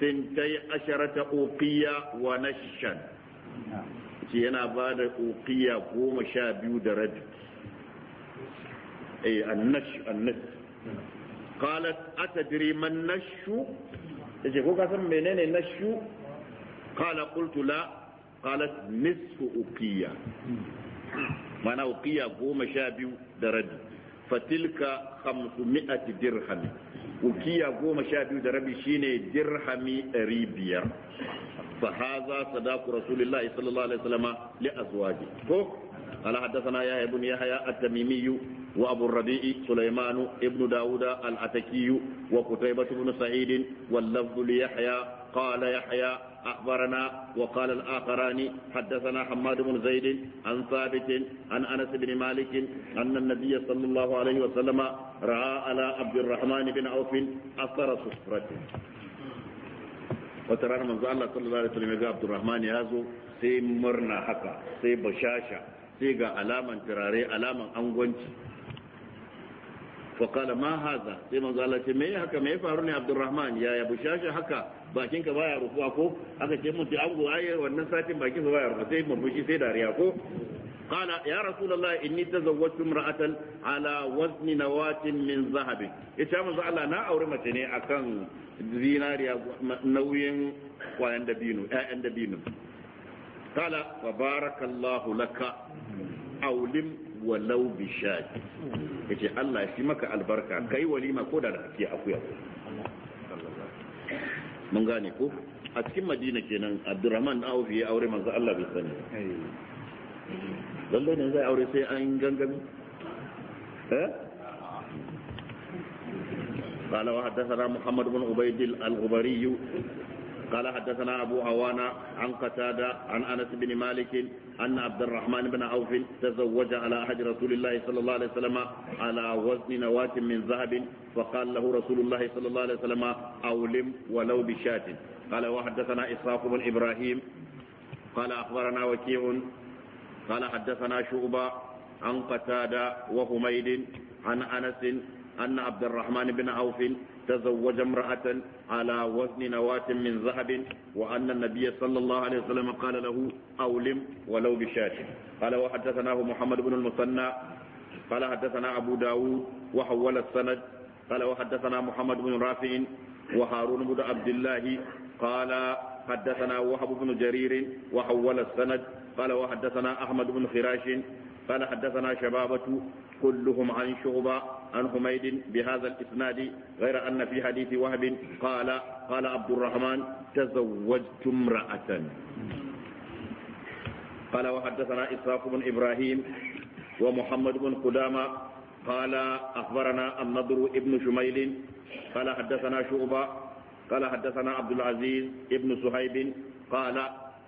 سنتي عشرة أوقية ونشا ce yana ba da uqiya goma sha biyu da rabi eh annash annash qalat atadri man nashu yace ko ka san menene nashu Ƙala qultu la qalat nisfu uqiya mana uqiya goma sha biyu da rabi fatilka 500 dirham ukiya goma sha biyu da rabi shine dirhami ɗari biyar fahaza sadaku rasulillahi sallallahu alaihi wasallama li azwaji ko ala haddathana ya ibn yahya at-tamimi wa abu rabi'i sulaiman ibn dauda al-ataki wa qutaybah ibn sa'id wal lafdh li yahya qala yahya أخبرنا وقال الآخران حدثنا حماد بن زيد عن ثابت عن أنس بن مالك أن النبي صلى الله عليه وسلم رأى على عبد الرحمن بن عوف أثر صفرته wata rana manzo Allah sallallahu ga Abdurrahman ya zo sai murna haka sai bashasha sai ga alaman turare alaman angwanci fa ma hadha sai manzo Allah ce me haka me faru ne Abdurrahman ya ya bashasha haka bakin ka baya rufuwa ko aka ce mun ango ayi wannan satin bakin ka baya rufuwa sai murmushi sai dariya ko قال يا رسول الله إني تزوجت امرأة على وزن نواة من ذهب na auri mace ne أورمتني أكن zinariya nauyin kwayan dabino ƴaƴan dabino kala wa barakallahu laka aulim walau bishaki yace Allah shi maka albarka kai walima ko da da akuya akuya mun gane ko a cikin madina kenan abdurrahman na aufi ya aure manzo Allah bai sani lalle ne zai aure sai an gangami eh قال وحدثنا محمد بن عبيد الغبري قال حدثنا أبو عوانة عن قتادة عن أنس بن مالك أن عبد الرحمن بن عوف تزوج على أحد رسول الله صلى الله عليه وسلم على وزن نواة من ذهب فقال له رسول الله صلى الله عليه وسلم أولم ولو بشاة قال وحدثنا إسحاق بن إبراهيم قال أخبرنا وكيع قال حدثنا شعبة عن قتادة وحميد عن أنس أن عبد الرحمن بن عوف تزوج امرأة على وزن نواة من ذهب وأن النبي صلى الله عليه وسلم قال له أولم ولو بشاة قال وحدثناه محمد بن المثنى قال حدثنا أبو داود وحول السند قال وحدثنا محمد بن رافع وهارون بن عبد الله قال حدثنا وهب بن جرير وحول السند قال وحدثنا أحمد بن خراش قال حدثنا شبابة كلهم عن شعبة عن حميد بهذا الإسناد غير أن في حديث وهب قال قال عبد الرحمن تزوجت امرأة قال وحدثنا إسحاق بن إبراهيم ومحمد بن قدامة قال أخبرنا النضر ابن شميل قال حدثنا شعبة قال حدثنا عبد العزيز ابن صهيب قال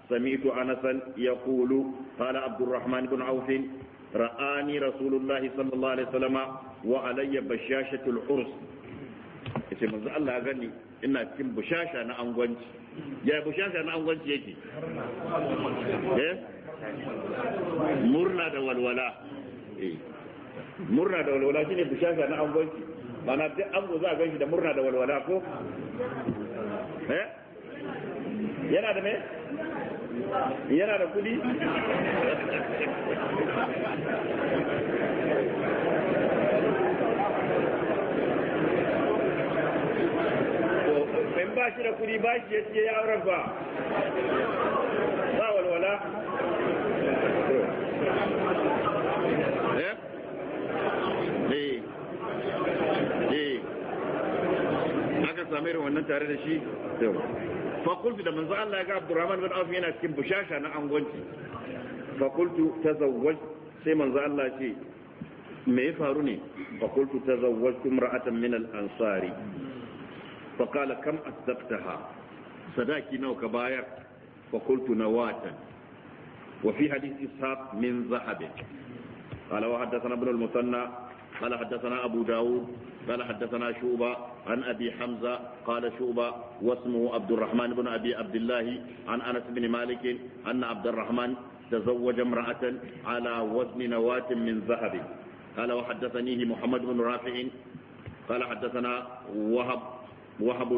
سمعت أنسا يقول قال عبد الرحمن بن عوف ra'ani rasulullahi sallallahu alaihi wasallama wa alayya bashashatul urs yace manzo Allah ya gani ina cikin bushasha na angwanci ya bushasha na angwanci yake eh murna da walwala murna da walwala shine bushasha na angwanci mana duk ango za a ganshi da murna da walwala ko eh yana da me yana da kudi in ba shi da kudi ba shi ya ce ya raba aka irin wannan tare da shi fa da manzo Allah ya ga Abdurrahman bin Auf yana cikin bushasha na angonci fa qultu tazawwaj sai manzo Allah ce me ya faru ne fa qultu tazawwajtu imra'atan min al-ansari fa qala kam asdaqtaha sadaki nawa ka bayar fa qultu nawatan wa fi hadith ishaq min zahabin قال وحدثنا ابن المثنى قال حدثنا أبو داود قال حدثنا شوبة عن أبي حمزة قال شوبة واسمه عبد الرحمن بن أبي عبد الله عن أنس بن مالك أن عبد الرحمن تزوج امرأة على وزن نواة من ذهب قال وحدثنيه محمد بن رافع قال حدثنا وهب وهب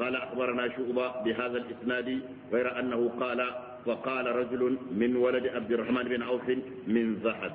قال أخبرنا شعبة بهذا الإسناد غير أنه قال فقال رجل من ولد عبد الرحمن بن عوف من ذهب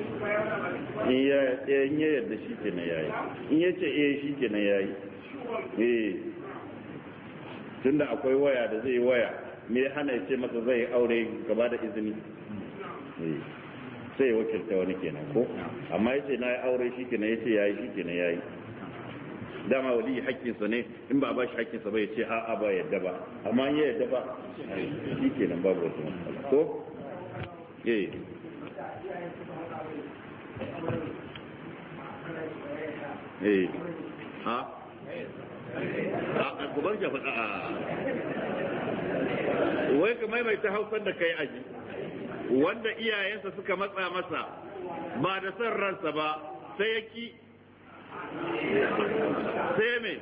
in ya yadda shi ke na yayi in ce eh shi ke na yayi eh tunda akwai waya da zai waya me hana ya ce masa zai aure gaba da izini eh. sai ya wakilta wani kenan ko amma ya ce na yi aure shi kenan ya ce yayi shi ke na yayi dama wali hakkinsa ne in ba ba shi hakkinsa ba ya ce a'a ba yadda ba amma ya yadda ba shi kenan babu wata matsala ko eh eh ha a faɗa a wai ka maimaita hausan da kai aji wanda iyayensa suka matsa masa ba da son ransa ba sai ya ki sai me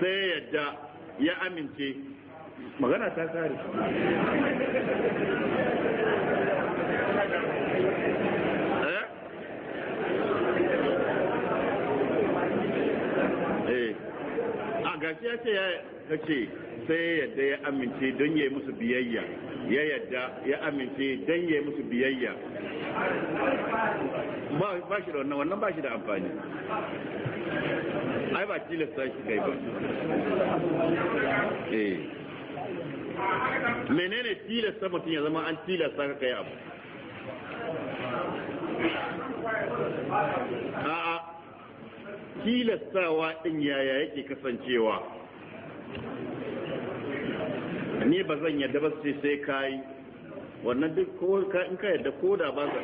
sai yadda ya amince magana ta kare gashi ya ce ya kace sai ya yadda ya amince don ya musu biyayya ya yadda ya amince don ya musu biyayya ba shi da wannan wannan ba shi da amfani ai ba sai shi kai ba eh menene tilasta mutum ya zama an tilasta ka kai abu a'a tilastawa ɗin yaya yake kasancewa ni ba zan yadda ba sai sai yi. wannan duk ko in ka yadda ko da ba ka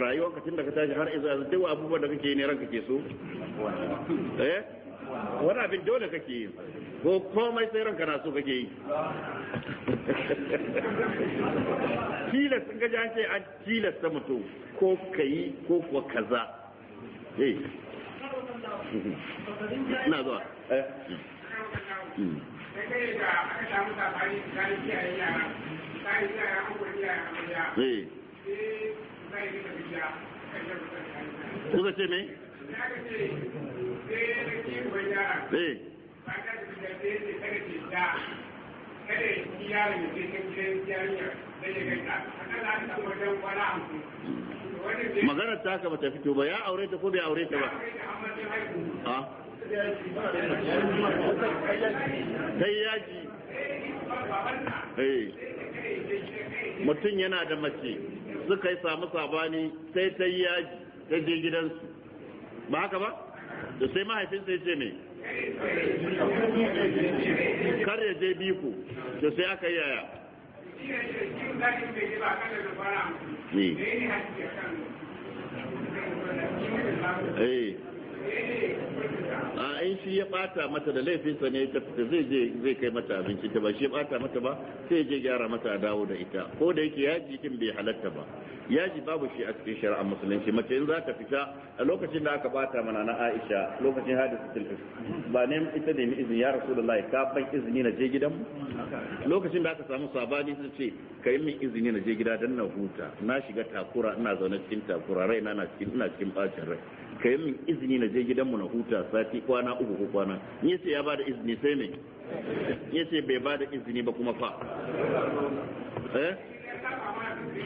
rayuwar ka da ka tashi har izuwa yanzu duk abubuwan da kake ne ranka ke so eh wani abin dole kake yi ko komai sai ranka na so kake yi Tilasta ga ka a an ce an tilasta mutum ko yi ko kuwa kaza eh. ina zuwa eh. hmm. kuka ce me? Hmm. eh hmm. ka magana ta haka bata fito ba ya aure ta ko bai aure ta ba a yaji eh. mutum yana da mace suka yi samu sabani sai ta yi yaji ta je gidansu ba haka ba da sai mahaifinsa ya ce mai kar ya je biku to sai aka yi yaya eh a in shi ya bata mata da sa ne ta fita zai je zai kai mata abinci ta ba shi ya bata mata ba sai je gyara mata dawo da ita ko da yake yaji kin bai halatta ba yaji babu shi a cikin shari'ar musulunci mace in za ta fita a lokacin da aka bata mana na Aisha lokacin hadisatul ba ne ita da izini ya rasulullahi ka ban izini na je gidan lokacin da aka samu sabani sun ce kai min izini na je gida dan na huta na shiga takura ina zaune cikin takura raina na cikin ina cikin bacin rai kai min izini na je gidan mu na huta sati kwana uku ko kwana yace ya bada izini sai me yace bai bada izini ba kuma fa eh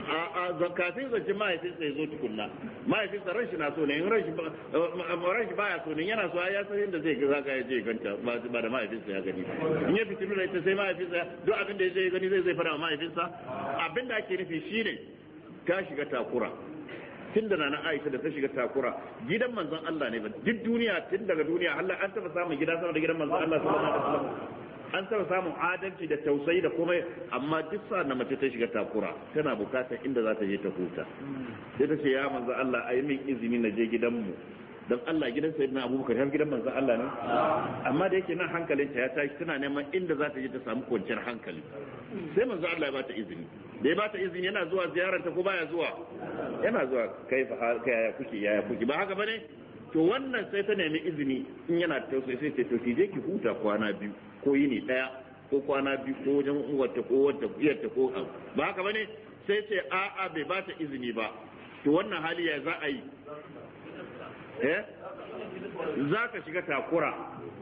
a a kafin zance mahaifinsa ya zo tukunna mahaifinsa ran shi na so ne ran ba eh, ya so ne yana so ya san yadda zai zaka ya je ganta ba da mahaifinsa ya gani in ya fitilu da ita sai mahaifinsa duk abin da ya je ya gani zai zai fara mahaifinsa abin da ake nufi shine ka shiga takura tun da na Aisha da ta shiga takura gidan manzon Allah ne ba duk duniya tun daga duniya Allah an taba samun gida sama da gidan manzon Allah sallallahu alaihi wasallam an taba samun adalci da tausayi da komai amma duk sa'an da mace ta shiga takura tana bukatar inda za ta je ta huta sai ta ce ya manzon Allah ayi min izini na je gidanmu don Allah gidan sayyidina Abubakar har gidan manzon Allah ne amma da yake nan hankalinta ya tashi tana neman inda za ta je ta samu kwanciyar hankali sai manzon Allah ya bata izini da ya bata izini yana zuwa ziyararta ko baya zuwa yana zuwa kai yaya kuke yaya kuke ba haka bane to wannan sai ta nemi izini in yana tausayi sai ta to ki je ki huta kwana biyu ko yini daya ko kwana biyu ko wajen uwarta ko wadda biyarta ko ba haka bane sai ce a'a bai bata izini ba to wannan hali ya za a yi eh za ka shiga takura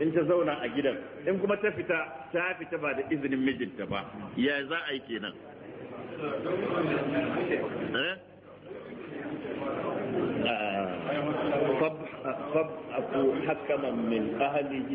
in ta zauna a gidan in kuma ta fita ta fita ba da izinin mijinta ba ya za a yi kenan eh ah. صب حكما من أهله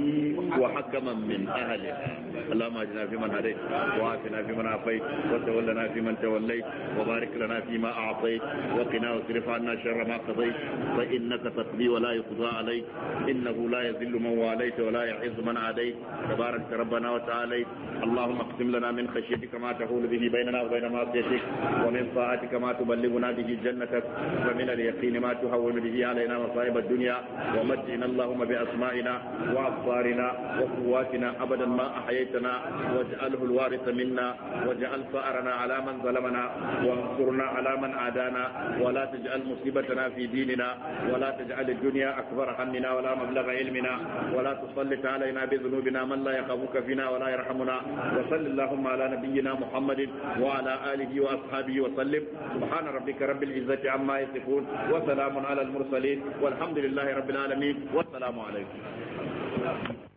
وحكما من أهلها اللهم في فيمن هديت وعافنا فيمن عافيت وتولنا فيمن توليت وبارك لنا فيما أعطيت وقنا واصرف عنا شر ما قضيت فإنك تقضي ولا يقضى عليك إنه لا يذل من واليت ولا يعز من عاديت تبارك ربنا وتعاليت اللهم اقسم لنا من خشيتك ما تحول به بيننا وبين معصيتك ومن طاعتك ما تبلغنا به جنتك ومن اليقين ما تهون به علينا مصائب الدنيا ومتعنا اللهم بأسمائنا وأبصارنا وقواتنا أبدا ما أحييتنا واجعله الوارث منا واجعل ثأرنا على من ظلمنا وانصرنا على من عادانا ولا تجعل مصيبتنا في ديننا ولا تجعل الدنيا أكبر همنا ولا مبلغ علمنا ولا تسلط علينا بذنوبنا من لا يخافك فينا ولا يرحمنا وصل اللهم على نبينا محمد وعلى آله وأصحابه وسلم سبحان ربك رب العزة عما يصفون وسلام على المرسلين والحمد والحمد لله رب العالمين والسلام عليكم